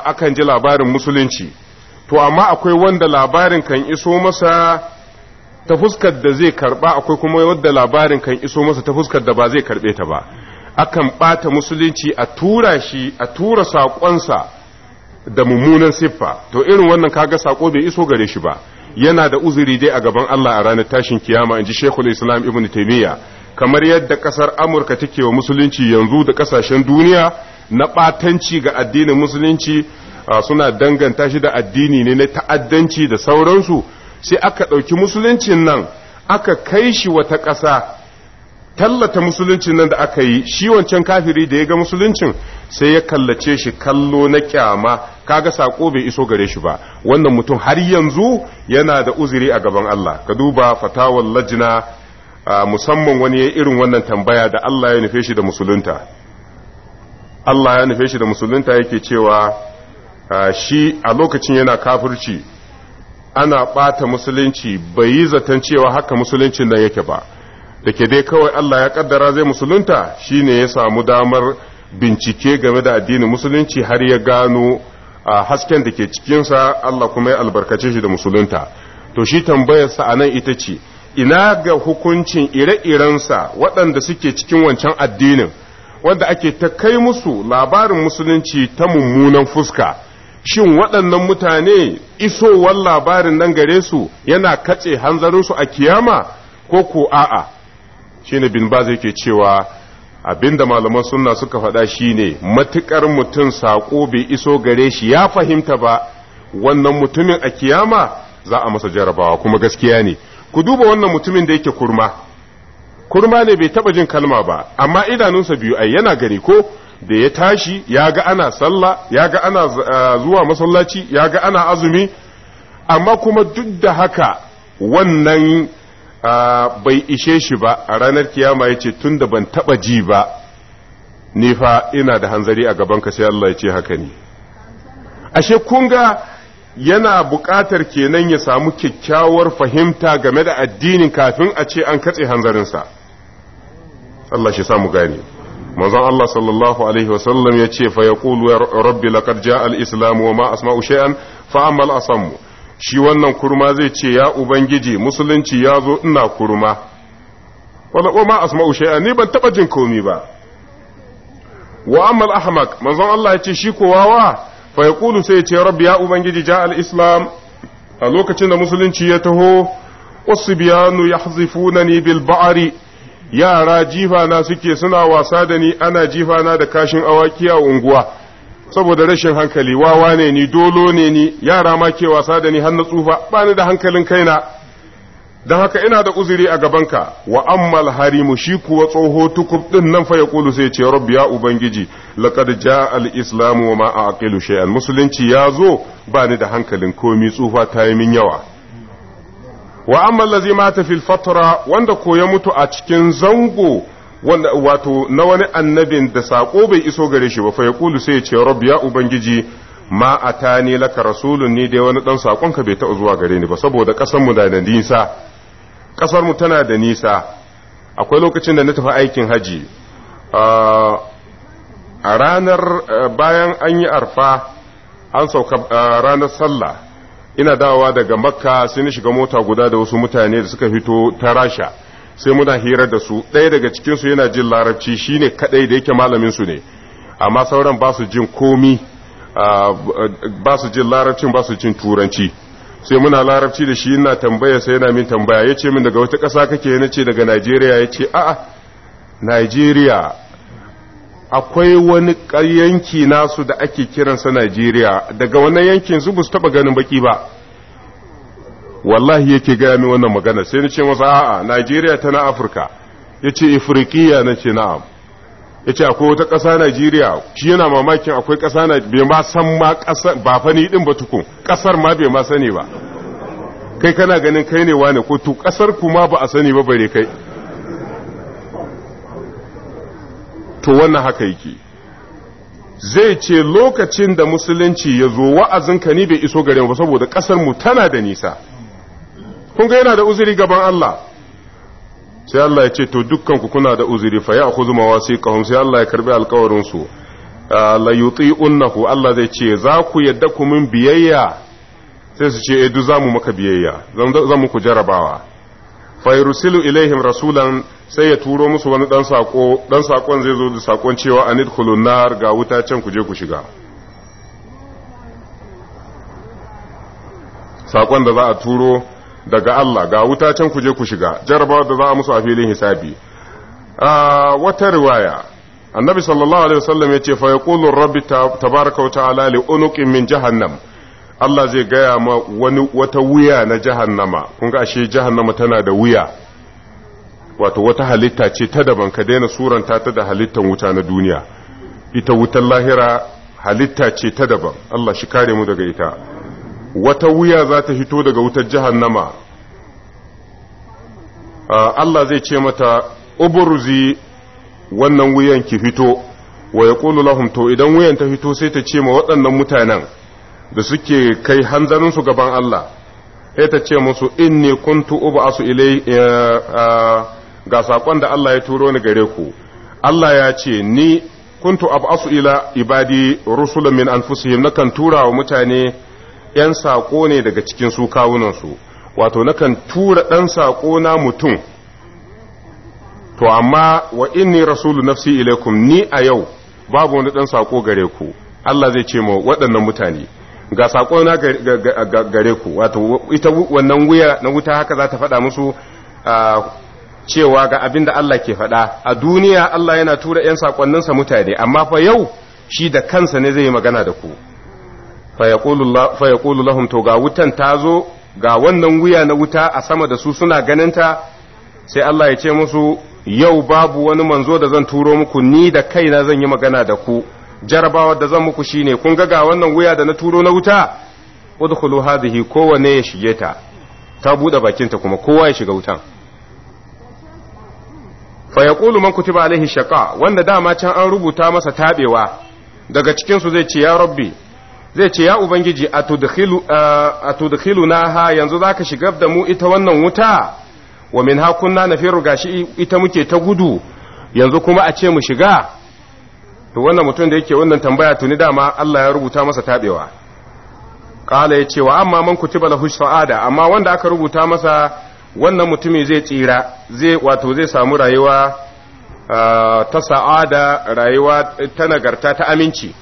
Speaker 2: akan ji labarin musulunci to amma akwai wanda labarin kan iso masa ta fuskar da zai karba akwai kuma wadda labarin kan iso masa ta fuskar da ba zai karbe ta ba akan bata musulunci a tura shi a tura saƙonsa da mummunan siffa to irin wannan kaga sako bai iso gare shi ba yana da uzuri dai a gaban Allah a ranar tashin kiyama inji ji Sheikhul Islam Ibn taimiyya. kamar yadda kasar Amurka take wa musulunci yanzu da kasashen duniya na ɓatanci ga addinin musulunci suna danganta shi da addini ne na ta'addanci da sauransu sai aka ɗauki musuluncin nan aka kai shi wata ƙasa tallata musuluncin nan da aka yi shi wancan kafiri da ya ga musuluncin sai ya kallace shi kallo na kyama kaga sako bai iso gare shi ba wannan mutum har yanzu yana da uzuri a gaban Allah ka duba fatawar lajina musamman wani ya irin wannan tambaya da Allah ya nufe shi da musulunta Allah ya nufe shi da musulunta yake cewa shi a lokacin yana kafirci ana ɓata musulunci bai yi zaton cewa haka musuluncin nan yake ba da ke dai kawai Allah ya kaddara zai musulunta shi ne ya samu damar bincike game da addinin musulunci har ya gano a hasken da ke cikinsa Allah kuma ya albarkace shi da musulunta to shi tambayarsa a nan ita ce ina ga hukuncin ire-irensa waɗanda suke cikin wancan addinin wanda ake ta kai musu labarin musulunci ta mummunan fuska shin waɗannan mutane isowar labarin nan gare su yana katse hanzarinsu a kiyama ko ko a'a shine bin baz yake cewa abinda malaman sunna suka faɗa shine matukar mutum saƙo bai iso gare shi ya fahimta ba wannan mutumin a kiyama za a masa jarabawa kuma gaskiya ne ku duba wannan mutumin da yake kurma kurma ne bai taɓa jin kalma ba amma idanunsa biyu ai yana gani ko da ya tashi ya ga ana sallah ya ga ana ah, zuwa masallaci ya ga ana azumi amma kuma duk da haka wannan ah, bai ishe shi ba a ranar kiyama ya ce tun da ban taba ji ba ni fa ina da hanzari a gabanka sai Allah ya ce haka ne ashe kun ga yana buƙatar kenan ya samu kyakkyawar fahimta game da addinin kafin a ce an katse hanzarinsa Allah shi samu gane manzon Allah sallallahu alaihi wasallam ya ce fa kulu ya rabbi laqad jaa al-islam wa ma asma'u shay'an fa amma al-asam shi wannan kurma zai ce ya ubangiji musulunci ya zo ina kurma wala wa ma asma'u shay'an ni ban taba jin komi ba wa amma al-ahmaq manzon Allah ya ce shi ko wawa fa kulu sai ya ce rabbi ya ubangiji jaa al-islam a lokacin da musulunci ya taho wasu biyanu yahzifunani bil ba'ari yara jifana suke suna wasa da ni ana jifana da kashin awaki a unguwa saboda rashin hankali wawa ne ni dolo ne ni yara ma ke wasa da ni har na tsufa ba ni da hankalin kaina don haka ina da uzuri a gabanka wa ammal harimu shi kuwa tsoho tukub din nan fa ya kulu sai ce rabbi ya ubangiji laqad jaa al islamu wa ma aqilu shay'an musulunci ya zo ba ni da hankalin komi tsufa ta min yawa wa amma allazi mata fil fatra wanda ko ya mutu a cikin zango wato na wani annabin da sako bai iso gare shi ba fa yaqulu sai ya ce rabb ya ubangiji ma atani laka rasulun ni dai wani dan sakon ka bai taɓa zuwa gare ni ba saboda kasar mu da nisa kasar mu tana da nisa akwai lokacin da na tafi aikin haji ah, a ranar eh, bayan an yi arfa an sauka ah, ranar sallah ina dawowa daga makka sai na shiga mota guda da wasu mutane da suka fito ta rasha sai muna hirar da su ɗaya daga cikinsu yana jin larabci shine kadai da yake malaminsu ne amma sauran ba su jin komi ba su jin larabcin ba su jin turanci sai muna larabci da shi ina tambaya sai yana min tambaya ya ce min daga wata ƙasa kake na ce daga najeriya ya ce a'a najeriya akwai wani yanki nasu da ake kiransa Najeriya daga wannan yankin su ba su taba ganin baki ba wallahi yake gaya min wannan magana sai na ce masa a'a Najeriya tana Afirka yace Afirkiya na ce na'am yace akwai wata ƙasa Najeriya shi yana mamakin akwai ƙasa na bai ma san ma ƙasa ba fa ni din ba tukun ƙasar ma bai ma sani ba kai kana ganin kai ne wane ko to ƙasar kuma ba a sani ba bare kai to wannan haka yake zai ce lokacin da musulunci ya zo wa'azinka ni bai iso gare mu ba saboda ƙasar mu tana da nisa kun ga yana da uzuri gaban Allah sai Allah ya ce to dukkan ku kuna da uzuri fa ya wasu mawasiqahum sai Allah ya karbi alƙawarin su Layutsi unnaku. Allah zai ce za ku yadda ku min biyayya sai su ce edu eh, za mu maka biyayya mu ku jarabawa fayrusilu ilaihim rasulan sai ya turo musu wani dan sako dan sakon zai zo da sakon cewa anidkhulun nar ga wuta can ku je ku shiga sakon da za a turo daga Allah ga wuta can ku je ku shiga jarba da za a musu a filin hisabi a wata riwaya annabi sallallahu alaihi wasallam ya ce fa yaqulu rabbi tabaaraka wa ta'ala li unuqi min jahannam Allah zai gaya ma wani wata wuya na jahannama kun ga ashe jahannama tana da wuya wato wata halitta ce ta daban ka daina suranta ta da halittan wuta na duniya ita wutar lahira halitta ce ta daban Allah shi kare mu daga ita wata wuya za ta fito daga wutar jahannama ah, Allah zai ce mata uburuzi wannan wuyan ki fito wa ya lahum to idan wuyan ta fito sai ta ce ma waɗannan mutanen da suke kai hanzarinsu gaban Allah sai ta ce musu inni kuntu ub'asu ilai eh, eh, ga sakon da Allah ya turo ni gare ku Allah ya ce ni kuntu ab'asu ila ibadi rusulan min anfusihim nakan tura wa mutane yan sako ne daga cikin su kawunan su wato nakan tura dan sako na mutum to amma wa inni rasulu nafsi ilaikum ni a yau babu wani dan sako gare ku Allah zai ce mu waɗannan mutane ga sako na gare ku wato ita wannan wuya na wuta haka za ta faɗa musu cewa ga abin da Allah ke faɗa a duniya Allah yana tura 'yan sakonninsa mutane amma fa yau shi da kansa ne zai yi magana da ku fa yaqulu lahum to ga wutan ta zo ga wannan wuya na wuta a sama da su suna ganinta sai Allah ya ce musu yau babu wani manzo da zan turo muku ni da kaina zan yi magana da ku jarabawar da zan muku shine kun ga wannan wuya da na turo na wuta udkhulu hadhihi kowane ya shige ta ta bude bakinta kuma kowa ya shiga wutan fa yaqulu man kutiba alaihi shaqa wanda dama can an rubuta masa tabewa daga cikin su zai ce ya rabbi zai ce ya ubangiji atudkhilu na ha yanzu zaka shiga da mu ita wannan wuta wa min hakunna nafiru gashi ita muke ta gudu yanzu kuma a ce mu shiga to wannan mutum da yake wannan tambaya tuni dama Allah ya rubuta masa tabewa kala ya ce wa amma man kutiba lahu sa'ada amma wanda aka rubuta masa wannan mutumi zai tsira zai wato zai samu rayuwa ta sa'ada rayuwa ta nagarta ta aminci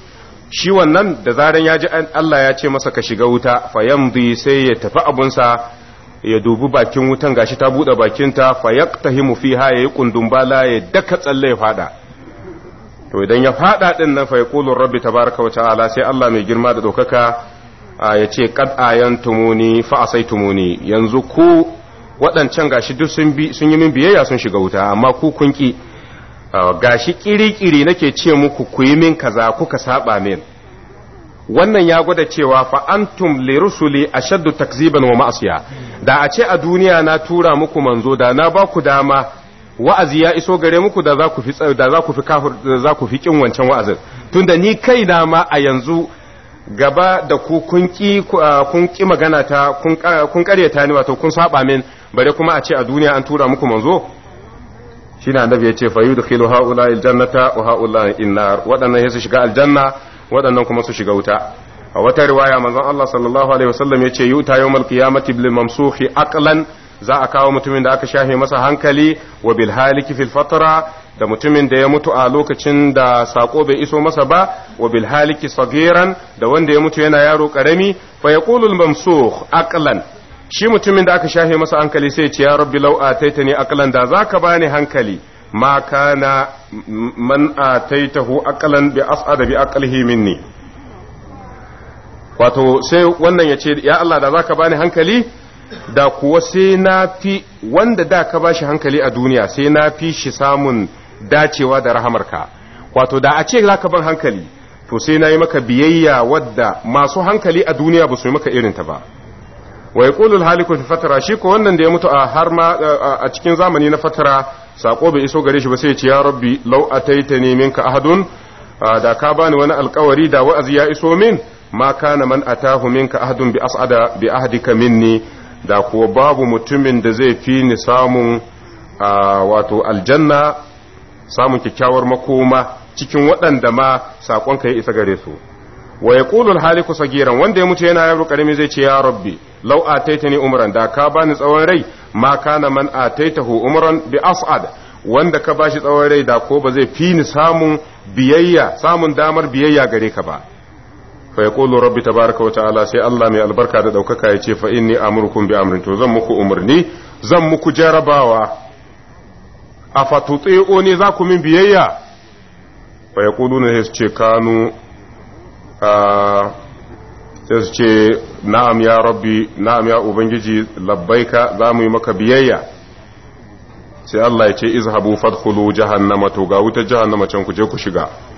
Speaker 2: shi wannan da zaran ya ji Allah ya ce masa ka shiga wuta fayamdi sai ya tafi abunsa ya dubi bakin wutan gashi ta buɗe bakinta fayaqtahimu fiha yayi kundun bala ya daka tsalle ya fada to idan ya fada din nan fa yaqulu rabbi tabaaraka wa ta'ala sai Allah mai girma da daukaka ya ce qad ayantumuni fa asaitumuni yanzu ku waɗancan gashi duk sun bi sun yi min biyayya sun shiga wuta amma ku kun ki gashi kiri-kiri nake ce muku ku yi min kaza kuka saba min wannan ya gwada cewa fa antum li rusuli ashaddu takziban wa ma'asiya da a ce a duniya na tura muku manzo da na ba ku dama wa'azi ya iso gare muku da za ku fi da fi da za ku fi kin wancan wa'azin tunda ni kai na ma a yanzu gaba da ku kun ki magana ta kun kun karyata ni wato kun saba min bare kuma a ce a duniya an tura muku manzo shine annabi ya ce fa yudkhilu haula aljannata wa haula innar wadannan su shiga aljanna wadannan kuma su shiga wuta a wata riwaya manzon Allah sallallahu alaihi wasallam ya ce yuta yawmal qiyamati bil mamsuhi aqlan za a kawo mutumin da aka shafe masa hankali wa bilhaliki haliki fil da mutumin da ya mutu a lokacin da sako bai iso masa ba wa bilhaliki sagiran da wanda ya mutu yana yaro karami fa yaqulu al mamsukh aqlan shi mutumin da aka shafe masa hankali sai ce ya rabbi law ataitani aqlan da zaka bani hankali ma kana man ataitahu aqlan bi as'ada bi aqlihi minni wato sai wannan ya ce ya Allah da zaka bani hankali da kuwa sai na fi wanda da ka bashi hankali a duniya sai na fi shi samun dacewa da rahamarka wato da a ce za ka ban hankali to sai na yi maka biyayya wadda masu hankali a duniya ba su yi maka irinta ba wa ya ƙulul haliku fi fatara shi ko wannan da ya mutu a har ma a cikin zamani na fatara sako bai iso gare shi ba sai ce ya rabbi lau a taita ne minka ahadun da ka bani wani alkawari da wa'azi ya iso min ma kana man atahu minka ahadun bi as'ada bi min minni da kuwa babu mutumin da zai fi ni samun wato aljanna samun kyakkyawar makoma cikin waɗanda ma saƙonka ya isa gare su wa ya ƙulun hali kusa giran wanda ya mutu yana yaro ƙarami zai ce ya rabbi lau taita ni umran da ka bani tsawon rai ma na man hu umran bi as'ad wanda ka bashi tsawon rai da ko ba zai fi ni samun biyayya samun damar biyayya gare ka ba fa yaqulu rabbi tabaraka wa ta'ala sai Allah mai albarka da daukaka ya ce fa inni amurukum bi amrin to zan muku umarni zan muku jarabawa A ne za ku min biyayya fa na sai ce kanu sai su ce na'am ya rabbi na'am ya ubangiji labbaika za mu yi maka biyayya sai Allah ya ce izhabu fadkhulu jahannama to ga wuta jahannama can ku je ku shiga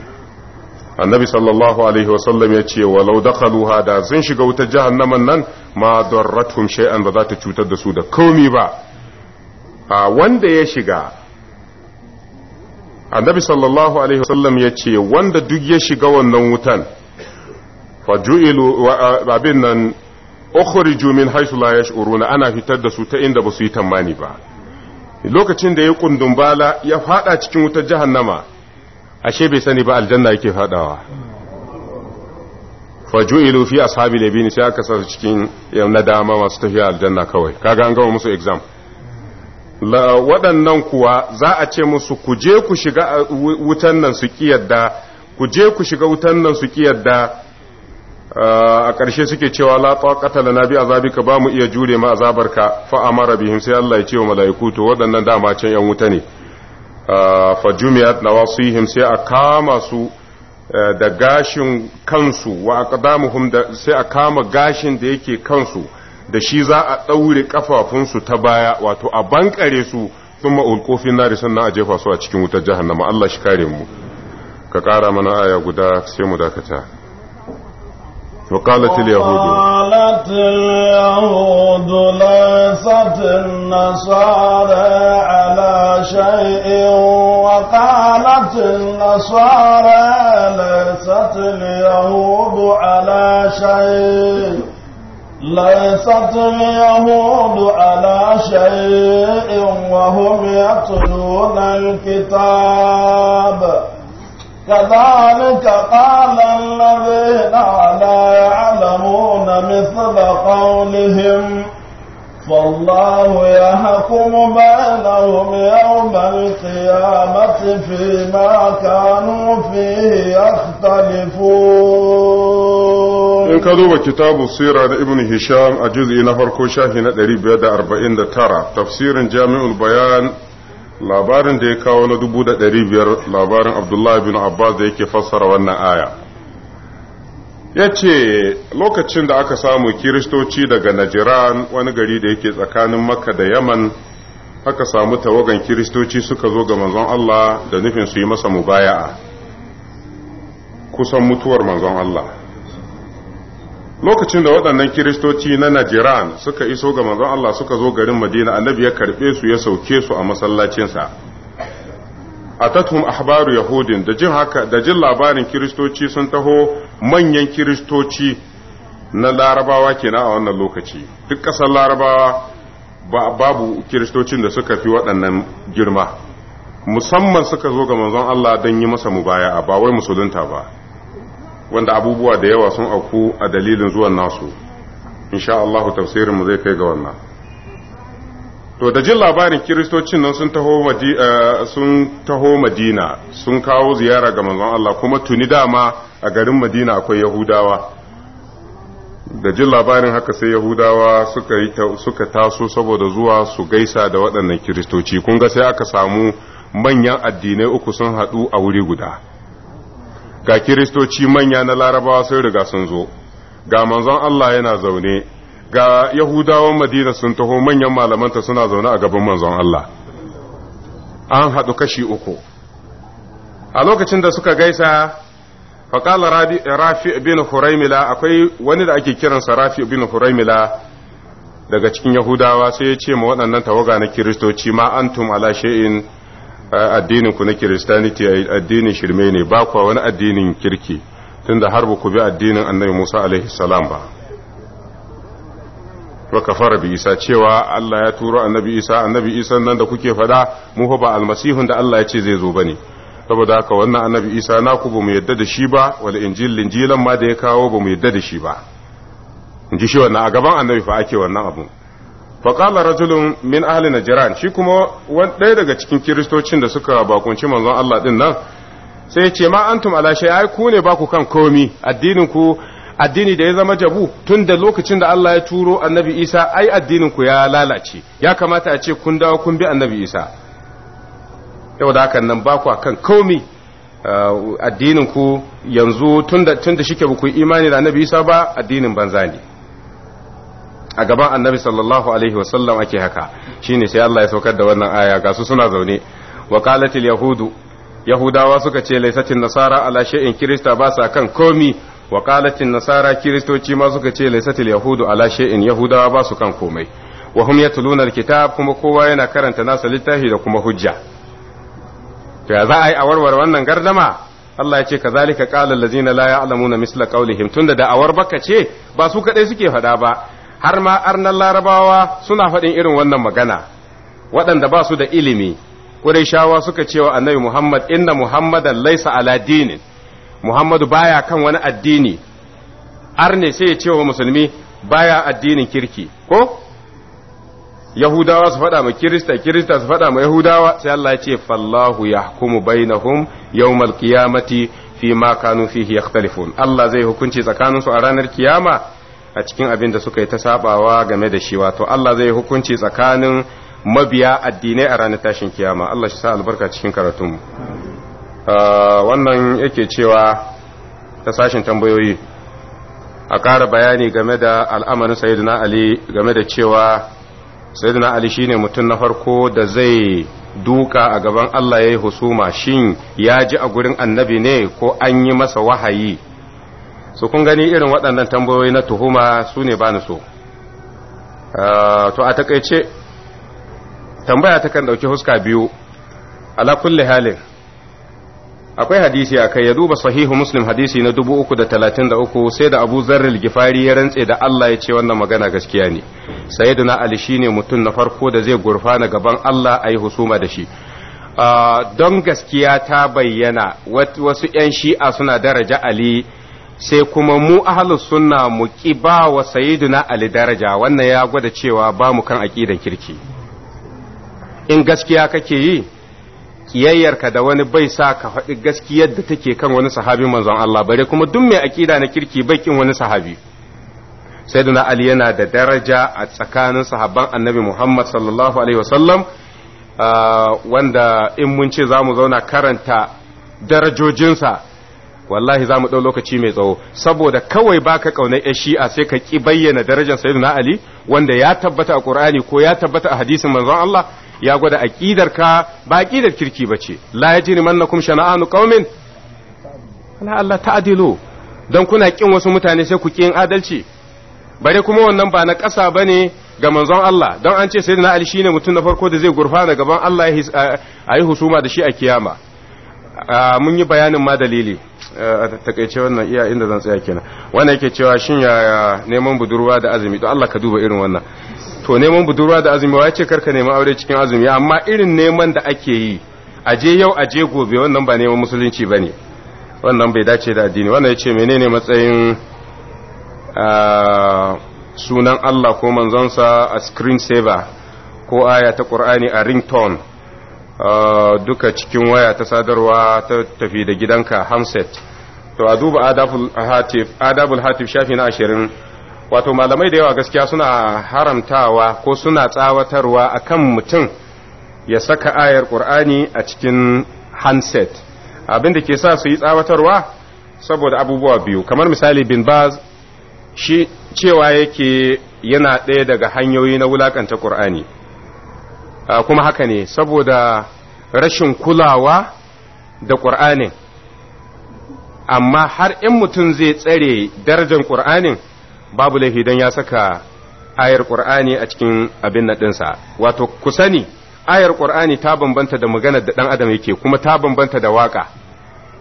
Speaker 2: annabi sallallahu alaihi wasallam ya ce walau dakhalu da sun shiga wutar jahannaman nan ma darratum shay'an ba za ta cutar da su da komi ba a wanda ya shiga annabi sallallahu alaihi wasallam ya ce wanda duk ya shiga wannan wutan Fa ju'ilu abin nan ukhriju min haythu la yash'uruna ana fitar da su ta inda ba su yi tamani ba lokacin da ya kundumbala ya fada cikin wutar jahannama ashe bai sani ba aljanna yake fadawa faju'ilu fi ashabi labini sai aka sa cikin na dama masu tafiya aljanna kawai kaga an gama musu exam waɗannan kuwa za a ce musu ku je ku shiga uh, wutan nan su kiyarda ku je ku shiga wutan nan su kiyarda uh, a ƙarshe suke cewa la taqata lana bi azabika ba mu iya jure ma azabarka fa amara bihim sai Allah ya ce wa mala'iku to waɗannan dama can yan wuta ne fajumiyat nawasihim sai a kama su da gashin kansu wa aqdamuhum da sai a kama gashin da yake kansu da shi za a daure kafafunsu ta baya wato a bankare su thumma ulqufin nari sannan a jefa su a cikin wutar jahannama Allah shi kare mu ka kara mana aya guda sai mu dakata وقالت اليهود وقالت
Speaker 1: اليهود ليست النصارى على شيء وقالت النصارى ليست اليهود على شيء ليست اليهود على شيء وهم يتلون الكتاب كذلك قال الذين لا يعلمون مثل قولهم فالله يحكم بينهم يوم القيامة فيما كانوا فيه يختلفون إن كذوب
Speaker 2: كتاب السيرة لابن هشام الجزء نفر كوشاه نتريب يد أربعين ترى تفسير جامع البيان labarin da ya kawo na dubu da ɗari biyar labarin abdullahi bin abbas da yake fassara wannan aya ya ce lokacin da aka samu kiristoci daga najiran wani gari da yake tsakanin makka da yaman aka samu tawagan kiristoci suka zo ga manzon allah da nufin su yi masa mubaya'a kusan mutuwar manzon allah lokacin da waɗannan kiristoci na najiran suka iso ga manzon Allah suka zo garin madina annabi ya karɓe su ya sauke su a masallacinsa A atatum ahbaru yahudin da jin haka da jin labarin kiristoci sun taho manyan kiristoci na larabawa kenan a wannan lokaci duk ƙasar larabawa ba babu kiristocin da suka fi waɗannan girma musamman suka zo ga manzon Allah don yi masa mubaya'a ba wai musulunta ba wanda abubuwa da yawa sun auku a dalilin zuwan nasu insha Allah tafsirin mu zai kai ga wannan to da jin labarin kiristocin nan sun taho eh, sun taho madina sun kawo ziyara ga manzon Allah kuma tuni dama a garin madina akwai yahudawa da jin labarin haka sai yahudawa suka suka taso saboda zuwa su gaisa da waɗannan kiristoci kun ga sai aka samu manyan addinai uku sun haɗu a wuri guda ga kiristoci manya na larabawa sun riga sun zo ga manzon Allah yana zaune ga yahudawan madina sun taho manyan malamanta suna zaune a gaban manzon Allah an haɗu kashi uku a lokacin da suka gaisa faƙala rafi bin huraimila akwai wani da ake kiransa rafi bin huraimila daga cikin yahudawa sai ya ce ma waɗannan tawaga na kiristoci ma antum ala shay'in addinin ku na kiristaniti addinin shirme ne ba kwa wani addinin kirki tunda har ba ku bi addinin annabi Musa alaihi salam ba wa kafara bi Isa cewa Allah ya turo annabi Isa annabi Isa nan da kuke fada mu ba almasihun da Allah ya ce zai zo bane saboda haka wannan annabi Isa naku ba mu yadda da shi ba wal injil linjilan ma da ya kawo ba mu yadda da shi ba in ji shi wannan a gaban annabi fa ake wannan abun. faƙala rajulun min ahli jiran shi kuma ɗaya daga cikin kiristocin da suka bakunci manzon Allah ɗin nan sai ce ma antum ala shay ai ku ne baku kan komi addinin ku addini da ya zama jabu tun da lokacin da Allah ya turo annabi Isa ai addinin ku ya lalace ya kamata a ce kun dawo kun bi annabi Isa yau da hakan nan ba ku kan komi addinin ku yanzu tun da shike ba ku imani da annabi Isa ba addinin banza ne a gaban annabi sallallahu alaihi wasallam ake haka shine sai Allah ya saukar da wannan aya ga su suna zaune wa qalatil yahudu yahudawa suka ce laisatin nasara ala shay'in kirista ba sa kan komi wa qalatin nasara kiristoci ma suka ce laisatil yahudu ala shay'in yahudawa ba su kan komai wa hum yatluna alkitab kuma kowa yana karanta nasa littafi da kuma hujja to ya za a yi a warware wannan gardama Allah ya ce ka zalika qala allazina la ya'lamuna misla qawlihim tunda da awar baka ce ba su kadai suke fada ba har ma arnan larabawa suna faɗin irin wannan magana waɗanda ba su da ilimi shawa suka cewa annabi muhammad inna muhammadan laisa ala dinin muhammadu baya kan wani addini arne sai ya cewa musulmi baya addinin kirki ko yahudawa su faɗa ma kirista kirista su faɗa ma yahudawa sai Allah ya ce fallahu yahkumu bainahum yawmal qiyamati fi ma kanu fihi yakhtalifun Allah zai hukunci tsakaninsu a ranar kiyama a cikin abin da suka yi ta sabawa game da shi wato Allah zai hukunci tsakanin mabiya addinai a ranar tashin kiyama Allah shi sa albarka cikin karatunmu ah, wannan yake cewa ta sashin tambayoyi a ƙara bayani game da al'amarin sayyidina ali game da cewa sayyidina ali shine mutum na farko da zai duka a gaban Allah ya yi husuma shin ya ji a gurin annabi ne ko an yi masa wahayi su kun gani irin waɗannan tambayoyi na tuhuma su ne ba ni so ah, to a takaice tambaya ta kan ɗauki huska biyu ala kulli halin akwai hadisi a kai ya duba sahihu muslim hadisi na 333 sai da abu zarril gifari ya rantse da Allah ya ce wannan magana gaskiya ne sayyiduna ali shine mutum na farko da zai gurfana gaban Allah a yi husuma da shi ah, don gaskiya ta bayyana wasu 'yan shi'a suna daraja ali sai kuma mu ahlus sunna mu ki ba wa sayyiduna ali daraja wannan ya gwada cewa ba mu kan aqidan kirki in gaskiya kake yi kiyayyarka da wani bai sa ka faɗi gaskiyar da take kan wani sahabi manzon Allah bare kuma duk mai aqida na kirki bai wani sahabi sayyiduna ali yana da daraja a tsakanin sahabban annabi Muhammad sallallahu alaihi wasallam ah, wanda in mun ce za mu zauna karanta darajojinsa wallahi za mu ɗau lokaci mai tsawo saboda kawai baka ƙaunar ƴan shi'a sai ka ƙi bayyana darajar sayyidina ali wanda ya tabbata a qur'ani ko ya tabbata a hadisin manzon Allah ya gwada aƙidar ka ba aqidar kirki bace la yajri kum shana'anu qaumin ala Allah ta'dilu Don kuna kin wasu mutane sai ku kin adalci bare kuma wannan ba na ƙasa bane ga manzon Allah don an ce sayyidina ali shine mutum na farko da zai gurfana gaban Allah a yi husuma da shi a kiyama mun yi bayanin ma dalili a takaice wannan iya inda zan tsaya kenan wannan yake cewa shin ya neman budurwa da azumi to Allah ka duba irin wannan to neman budurwa da azumi wai ce karka neman aure cikin azumi amma irin neman da ake yi aje yau aje gobe wannan ba neman musulunci bane wannan bai dace da addini wannan yace menene matsayin sunan Allah ko sa a screen saver ko aya ta Qur'ani a ringtone Ah, duka cikin waya ta sadarwa ta tafi da gidanka hamset to a duba adabul hatif shafi na ashirin wato malamai da yawa gaskiya suna haramtawa ko suna tsawatarwa akan mutum ya saka ayar ƙur'ani a cikin hanset abinda ke sa su yi tsawatarwa saboda abubuwa biyu kamar misali bin baz shi cewa yake yana ɗaya daga hanyoyi na wulakanta ƙur'ani Ah, kuma haka ne saboda rashin kulawa da ƙur'anin amma har in mutum zai tsare darajar ƙur'anin babu laifi don ya saka ayar ƙur'ani a cikin abin naɗinsa wato ku sani ayar ƙur'ani ta bambanta da maganar da ɗan adam yake kuma ta bambanta da waƙa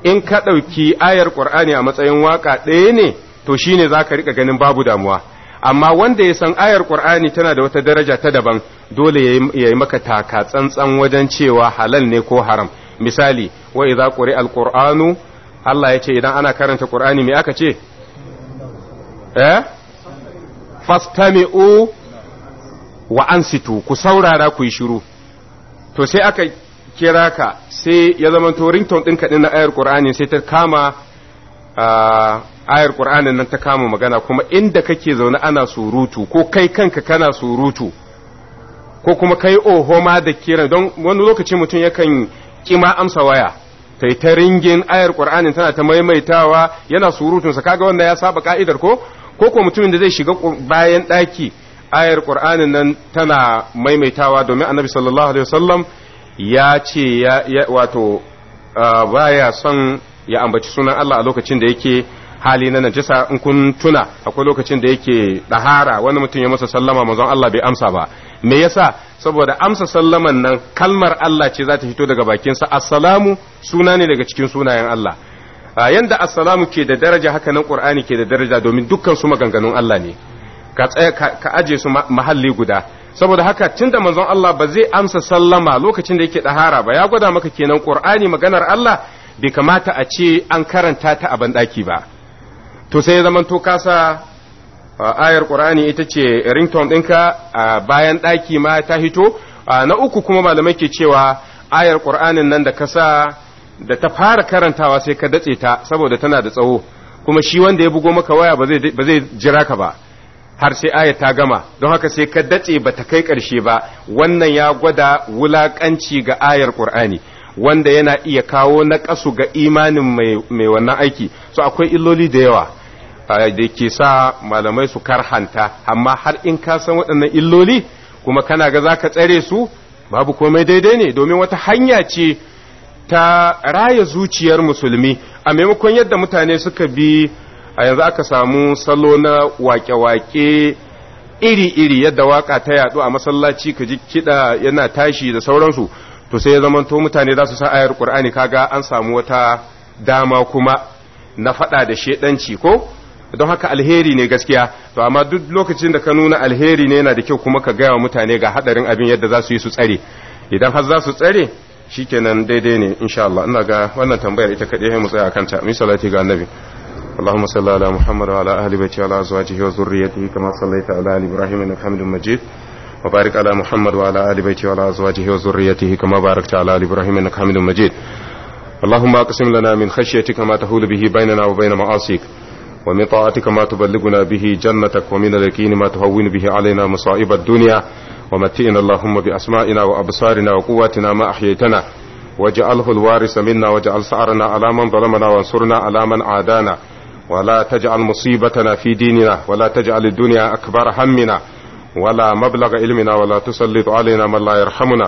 Speaker 2: in ka ɗauki ayar ƙur'ani a matsayin waƙa ɗaya ne to shine za ka riƙa ganin babu damuwa amma wanda ya san ayar qur'ani tana da wata daraja ta daban dole ya yi maka taka tsantsan wajen cewa halal ne ko haram misali wa idza quri alqur'anu Allah ya ce idan ana karanta qur'ani me aka ce eh fastami'u wa ansitu ku saurara ku yi shiru to sai aka kira ka sai ya zama to ringtone ɗinka ɗin na ayar qur'ani sai ta kama ayar ƙur'anin nan ta kama magana kuma inda kake zaune ana surutu ko kai kanka kana surutu ko kuma kai oho ma da kiran don wani lokaci mutum yakan kima amsa waya sai ta ringin ayar ƙur'anin tana ta maimaitawa yana surutunsa kaga wannan ya saba ka'idar ko ko ko mutumin da zai shiga bayan ɗaki ayar ƙur'anin nan tana maimaitawa domin annabi sallallahu alaihi wasallam ya ce ya wato baya son ya ambaci sunan Allah a lokacin da yake hali na najisa in kun tuna akwai lokacin da yake dahara wani mutum ya masa sallama manzon Allah bai amsa ba me yasa saboda amsa sallaman nan kalmar Allah ce za ta fito daga bakinsa assalamu suna ne daga cikin sunayen Allah yanda assalamu ke da daraja haka nan qur'ani ke da daraja domin dukkan su maganganun Allah ne ka tsaya ka aje su mahalli guda saboda haka tunda manzon Allah ba zai amsa sallama lokacin da yake dahara ba ya gwada maka kenan qur'ani maganar Allah bai kamata a ce an karanta ta a banɗaki ba to sai ya zamanto kasa ayar ƙur'ani ita ce rington ɗinka a bayan ɗaki ma ta hito na uku kuma malamai ke cewa ayar ƙur'anin nan da kasa da ta fara karantawa sai ka datse ta saboda tana da tsawo kuma shi wanda ya bugo maka waya ba zai jira ka ba har sai ayar ta gama don haka sai ka datse ba ta kai ƙarshe ba wannan ya gwada wulaƙanci ga ayar ƙur'ani wanda yana iya kawo naƙasu ga imanin mai wannan aiki so akwai illoli da yawa da ke sa malamai su karhanta amma har in ka san waɗannan illoli kuma kana ga za ka tsare su babu komai daidai ne domin wata hanya ce ta raya zuciyar musulmi a maimakon yadda mutane suka bi a yanzu aka samu salo na wake-wake iri-iri yadda waka ta yadu a masallaci ka ji kiɗa yana tashi da sauransu to sai ya zamanto mutane za su sa ayar qur'ani kaga an samu wata dama kuma na faɗa da shedanci ko don haka alheri ne gaskiya to amma duk lokacin da ka nuna alheri ne yana da kyau kuma ka gaya wa mutane ga hadarin abin yadda za su yi su tsare idan har za su tsare shikenan daidai ne insha Allah ina ga wannan tambayar ita kadai mu tsaya kanta mi salati ga annabi اللهم صل على محمد وعلى آل بيته وعلى أزواجه وذريته كما صليت على آل Ibrahim إنك حميد مجيد وبارك على محمد وعلى آل بيته وعلى أزواجه وذريته كما باركت على آل إبراهيم إنك حميد مجيد اللهم أقسم لنا من خشيتك ما تحول به بيننا وبين معاصيك ومن طاعتك ما تبلغنا به جنتك ومن اليقين ما تهون به علينا مصائب الدنيا ومتئنا اللهم بأسمائنا وأبصارنا وقواتنا ما أحييتنا واجعله الوارث منا واجعل سعرنا على من ظلمنا وانصرنا على من عادانا ولا تجعل مصيبتنا في ديننا ولا تجعل الدنيا أكبر همنا ولا مبلغ علمنا ولا تسلط علينا من لا يرحمنا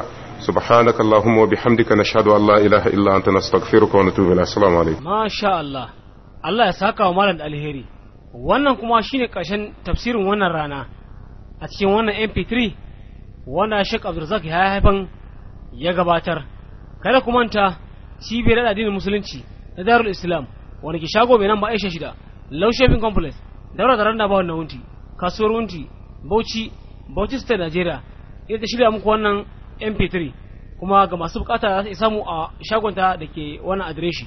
Speaker 2: سبحانك اللهم وبحمدك نشهد ان لا اله الا انت نستغفرك ونتوب اليك السلام عليكم
Speaker 1: ما شاء الله الله يساك ومالد الهيري wannan kuma shine ƙarshen tafsirin wannan rana a cikin wannan
Speaker 2: mp3 wanda Sheikh Abdulrazak ya haifan ya gabatar kada ku manta cibiyar addinin musulunci na Darul Islam wani ke shago mai nan ba Aisha shida Law Shopping Complex daura da randa ba wannan wunti kasuwar wunti bauchi bauchi state nigeria ita ta shirya muku wannan mp3 kuma ga masu bukata za su samu a shagonta da ke wannan adireshi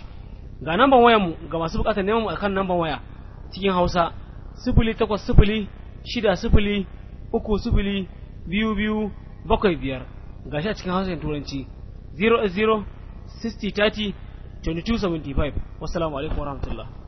Speaker 2: ga namban wayar mu ga masu bukata neman mu akan namban waya
Speaker 1: cikin hausa sifili takwas sifili shida sifili uku sifili biyu biyu bakwai biyar ga shi a cikin hausa turanci 0 2275 60 30 22 75 wassalamu alaikum warahmatullahi